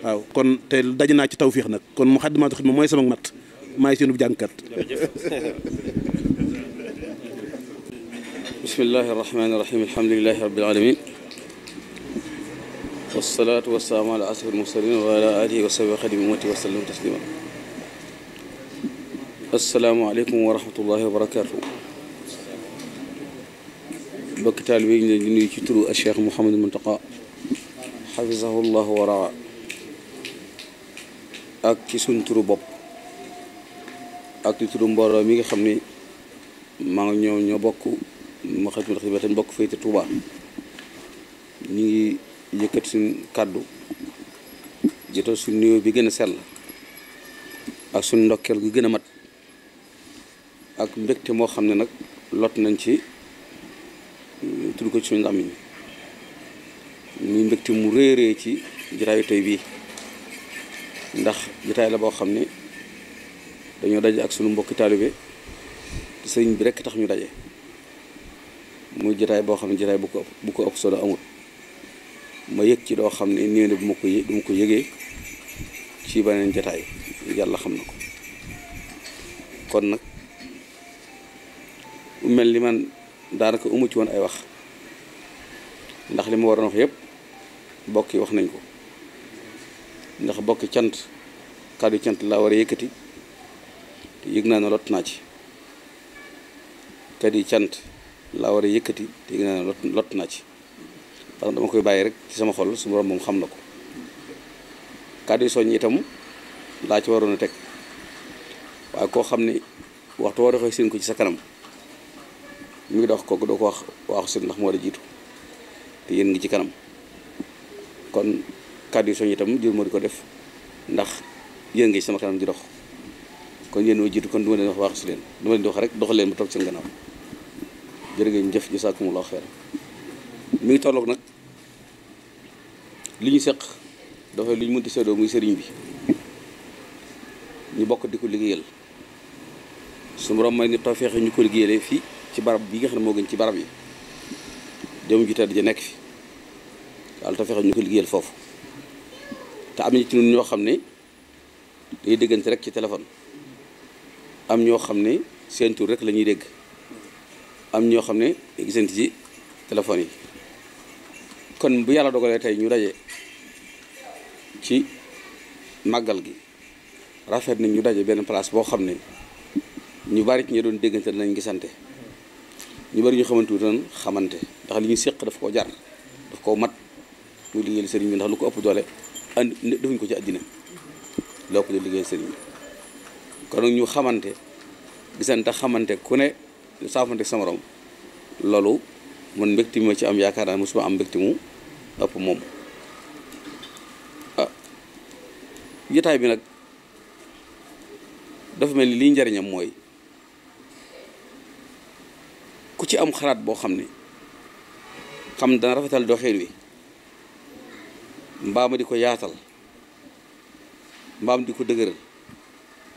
waaw kon te daje naa ci tawféex nag kon Moukhaddamatoul Khidma mooy sama mat maay seenu jàngkat <laughs> bismillahi arrahmani irrahim alhamdulilahi rabbil alamin wasalaatu wasalaamu ala asraf almursalin wa ala alihi wa sahbi xadim ummati wa sallam taslima asalaamaaleykum wa rahmatullahi wa barakatuh bokki taalibe yi ñu leen di nuyu ci turu Cheikh Mouhamadou Mountakha xafisahu llahu wa raa ak ci suñ turu bopp ak ci turu mbooloo mi nga xam ni maa ngi ñoo ñoo bokk ma xam ne dafa bokk fii te Touba ñu ngi yëkkat suñ kàddu jotal suñ nuyoo bi gën a sell ak suñ ndokkeel gu gën a mat ak mbégte moo xam ne nag lot nañ ci tudd ko ci suñu làmmiñ muy mbégte mu réeréer ci jaraayu tey bii ndax jotaay la boo xam ne dañoo daje ak sunu mbokki taalibe te sëriñ bi rekk tax ñu daje muy jotaay boo xam ne jotaay bu ko bu ko ëpp solo amul ma yëg ci doo xam ne néew na bu ma ko yë du ma yëgee ci beneen jataay yàlla xam na ko kon nag mel ni man daanaka umu ci woon ay wax ndax li ma waroon wax yëpp mbokk yi wax nañ ko. ndax bokki cant kàddu cant laa war a yëkkati te yëg naa na lot naa ci kàddu cant laa war a yëkkati te yëg naa ne lot naa ci parce que dama koy bàyyi rek ci sama xol su borom moom xam na ko kàddu yi soññ itam laa ci waroon a teg waaye koo xam ne waxtu war ci sa kanam mu ngi dox kooku doo ko wax waaxu seen ndax moo war a jiitu te yéen ngi ci kanam kon. kàddu yi soññ itam jur moo di ko def ndax yéen ngi sama kanam di dox kon yéen moo jiitu kon du ma leen wax si leen du ma di wax rek doxal leen ba toog seen gannaaw jërë ngeen jëf jazakumullahu ngi tolloog nag li ñu seq dafay lu ñu mënti seddoo muy sëriñ bi ñu bokk di ko liggéeyal su borom may ni tawfeex ñu ko liggéeyalee fii ci barab bi nga xam ne moo gën ci barab yi jëm ju tedd ja nekk fi yàlla tawfeex ñu ko liggéeyal foofu te am na ci ñun ñoo xam ne day déggante rek ci téléphone am ñoo xam ne seen rek la dégg am ñoo xam ne gisante ci téléphone yi kon bu yàlla dogalee tey ñu daje ci màggal gi rafet nañ ñu daje benn place boo xam ne ñu bari ñu ñi doon déggante danañ gisante ñu bari ñu xamante wu doon xamante ndax li ñu séq daf koo jar daf koo mat muy liggéeyal sëriñ bi ndax lu ko ëpp doole andi defuñ ko ci àddina loo ko di liggéey sëriñ kon ñu xamante gisante xamante ku ne saafante sa morom loolu man mbégte moo ci am yaakaar naa mosuma am mbégte mu moom ah bi nag dafa mel ni liy njariñam mooy ku ci am xalaat boo xam ne xam dana rafetal doxin wi ma di ko yaatal mbaam di ko dëgëral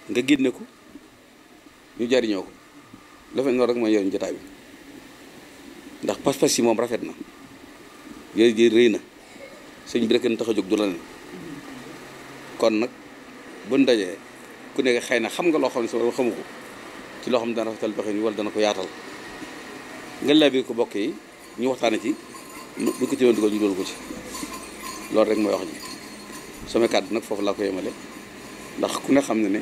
nga génne ko ñu jariñoo ko dafa noonu rek mooy yoon jotaay bi ndax pas-pas yi moom rafet na yooyu ji rëy na sëñ bi rek tax a jóg du ne kon nag buñ dajee ku nekk xëy na xam nga loo xam ne si wala xamu ko ci loo xam ne dana rafetal doxin wi wala dana ko yaatal nga laaj ko bokk yi ñu waxtaane ci bu ko ci yoon dugal ñu doon ko ci loolu rek mooy wax ji sama kàddu nag foofu laa ko yemale ndax ku ne xam ne ne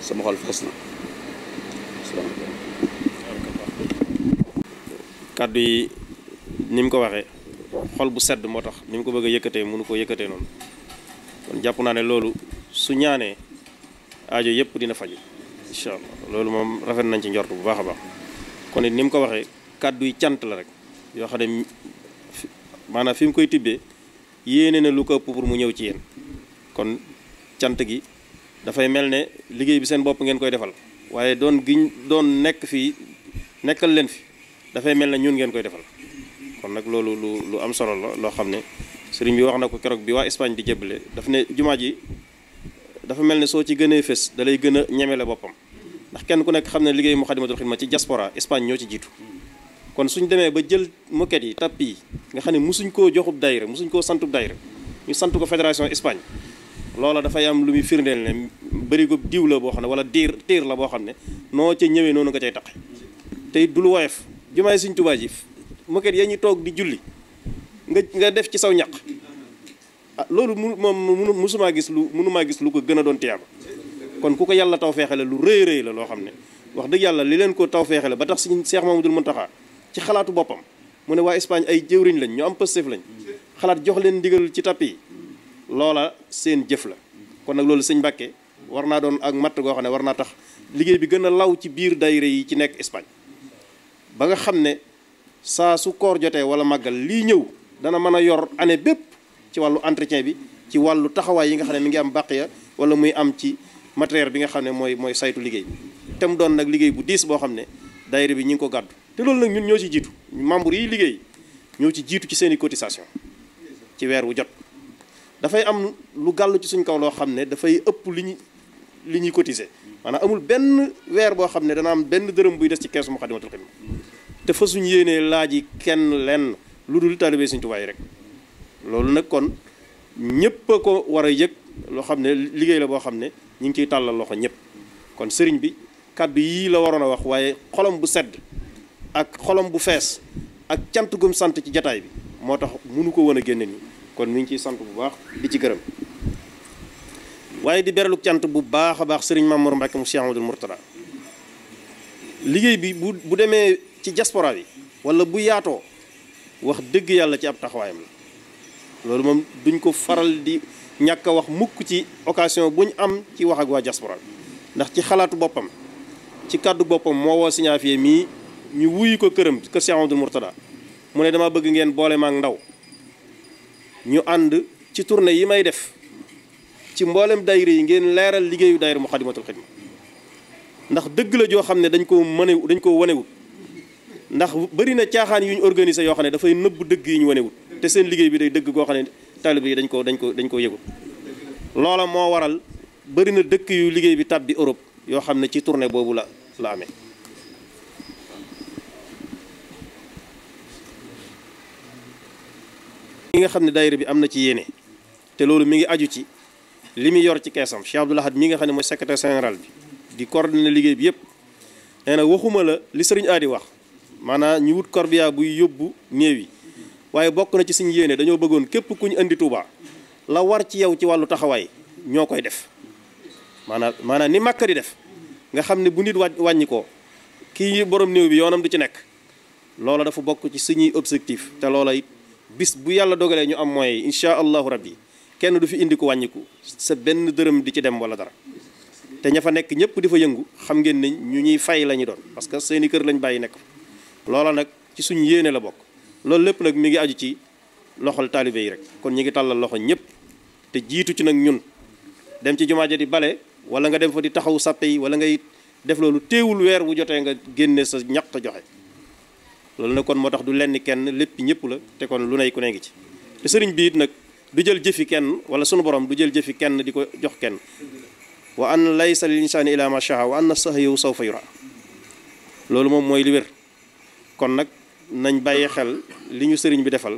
sama xol fees na kàddu yi nim ko waxee xol bu sedd moo tax ni ko bëgg a yëkkatee mënu koo yëkkatee noonu jàpp naa ne loolu su ñaanee aajo yëpp dina faj incha allah loolu moom rafet nañ ci njort bu baax a baax kon it ni ko waxee kàddu yi cant la rek yoo xam ne maanaam fi mu koy tibbee yéene na lu ko ëpp mu ñëw ci yéen kon cant gi dafay mel ne liggéey bi seen bopp ngeen koy defal waaye doon giñ doon nekk fii nekkal leen fi dafay mel ne ñun ngeen koy defal kon nag loolu lu lu am solo la loo xam ne sëriñ bi wax na ko keroog bi waa Espagne di jébbale daf ne jumaa ji dafa mel ne soo ci gënee fës da lay gën a ñemele boppam ndax kenn ku nekk xam ne liggéey Moukhaddamatoul Khidma ci diaspora Espagne ñoo ci jiitu kon suñ demee ba jël moquette yi tapis yi nga xam ne musuñ koo joxub daayira musuñ koo santub daayira ñu sant ko fédération Espagne loola dafay am lu muy firndeel ne ko diw la boo xam ne wala diir tiir la boo xam ne noo ca ñëwee noonu nga cay taqe tey it du lu woyof jumaay suñ tubaa ji moquette ñu toog di julli nga nga def ci saw ñaq ah loolu mu moom musumaa gis lu mënumaa gis lu ko gën a doon tiyaaba kon ku ko yàlla taw feexale lu rëy rëy la loo xam ne wax dëgg yàlla li leen ko taw feexale ba tax suñ Seex Mamadul Muntaxaa ci xalaatu boppam mu ne waa Espagne ay jëwriñ lañ ñu am Pastef lañ xalaat jox leen ndigal ci tapis yi loola seen jëf la kon nag loolu sëñ Mbàkke war naa doon ak matt goo xam ne war naa tax liggéey bi gën a law ci biir daayira yi ci nekk Espagne ba nga xam ne saa su koor jotee wala màggal lii ñëw dana mën a yor année bépp ci wàllu entretien bi ci wàllu taxawaay yi nga xam ne mi ngi am bàq ya wala muy am ci matériel bi nga xam ne mooy mooy saytu liggéey bi doon nag liggéey bu diis boo xam ne daayira bi ñi ngi ko gàddu te loolu nag ñun ñoo ci jiitu membres yi liggéey ñoo ci jiitu ci seen i cotisation ci weer wu jot dafay am lu gàll ci suñ kaw loo xam ne dafay ëpp li ñu li ñuy cotiser maanaam amul benn weer boo xam ne dana am benn dërëm buy des ci keesu Moukhaddamatoul Khidma te fa suñ yéenee laaj yi kenn lenn lu dul taalibe Sëriñ Tuubaa yi rek loolu nag kon ñëpp a ko war a yëg loo xam ne liggéey la boo xam ne ñu ngi ciy tàllal loxo ñëpp kon sëriñ bi kàddu yii la waroon a wax waaye xolam bu sedd ak xolom bu fees ak cant gum sant ci jataay bi moo tax munu ko woon a génne nii kon mi ngi ciy sant bu baax di ci gërëm waaye di beraluk cant bu baax a baax sëriñ Mamour Mbacke mu Cheikh Amadou Mourtada liggéey bi bu bu demee ci diaspora bi wala bu yaatoo wax dëgg yàlla ci ab taxawaayam la loolu moom duñ ko faral di ñàkk wax mukk ci occasion buñ am ci wax waa diaspora bi ndax ci xalaatu boppam ci kàddu boppam moo woo Serigne Afia mii ñu wuyi ko këram kër Cheikh Amadou Mourtada mu ne dama bëgg ngeen boole maak ndaw ñu ànd ci tournée yi may def ci mboolem dayre yi ngeen leeral liggéeyu dayri Moukhaddamatoul Khidma ndax dëgg la joo xam ne dañ ko mënewu dañ koo wanewut ndax bëri na caaxaan yu ñu organisé yoo xam ne dafay nëbb dëgg yi ñu wanewut te seen liggéey bi day dëgg goo xam ne talib yi dañ ko dañ ko dañ koo yëgut loola moo waral bëri na dëkk yu liggéey bi tàbbi Europe yoo xam ne ci tournée boobu la la amee li nga xam ne daayira bi am na ci yéene te loolu mi ngi aju ci li muy yor ci keesam Cheikh Abdoul Ahad mi nga xam ne mooy secrétaire général bi di coordonné liggéey bi yëpp nee waxuma la li sëriñ aadi wax maanaam ñu wut corbia buy yóbbu néew yi waaye bokk na ci suñu yéene dañoo bëggoon képp ku ñu indi Touba la war ci yow ci wàllu taxawaay ñoo koy def maanaam maanaam ni màkka di def nga xam ne bu nit wàññi ko kii borom néew bi yoonam du ci nekk loola dafa bokk ci suñuy objectif te loola bis bu yàlla dogalee ñu am moyens yi incha allahu rabbi kenn du fi indi ko wàññiku sa benn dërëm di ci dem wala dara te ña fa nekk ñëpp di fa yëngu xam ngeen nañ ñu ñuy fay la ñu doon parce que seeni kër lañu bàyyi nekk loola nag ci suñ yéenee la bokk loolu lépp nag mi ngi aju ci loxol taalibe yi rek kon ñu ngi tàllal loxo ñëpp te jiitu ci nag ñun dem ci jumaa di bale wala nga dem fa di taxaw sàppe yi wala ngay def loolu téewul weer wu jotee nga génne sa ñaq joxe loolu nag kon moo tax du lenn kenn lépp ñëpp la te kon lu nay ku ne ci te sëriñ nag du jël jëfi kenn wala sunu borom du jël jëfi kenn di ko jox kenn wa an laysa lil insaani ila ma shaa wa anna sahyu sawfa yura loolu moom mooy li kon nag nañ bàyyi xel li ñu sëriñ bi defal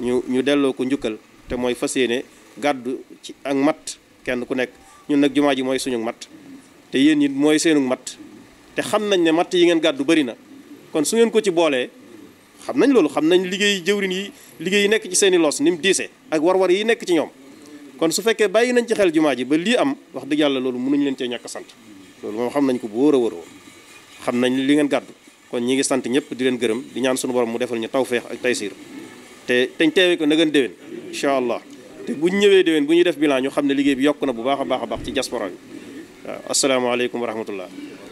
ñu ñu delloo ko njukkal te mooy fas yéene gàddu ci ak matt kenn ku nekk ñun nag jumaa ji mooy suñu mat te yéen it mooy seenu matt te xam nañ ne matt yi ngeen gàddu bari na kon su ngeen ko ci boolee xam nañ loolu xam nañ liggéey jëwrin yi liggéey yi nekk ci seen i los ni mu diise ak war-war yi nekk ci ñoom kon su fekkee bàyyi nañ ci xel jumaa ji ba lii am wax dëgg yàlla loolu mun mënuñ leen cee ñàkk a sant loolu moom xam nañ ko bu wóor a wóor xam nañ li ngeen gàddu kon ñi ngi sant ñëpp di leen gërëm di ñaan suñu borom mu defal ñu tawféex ak taysiir te teñ teewee ko na ngeen déwén incha allah te buñ ñëwee déwén bu ñuy def bilan ñu xam ne liggéey bi yokk na bu baax a baax a baax ci asalaamaaleykum wa rahmatullah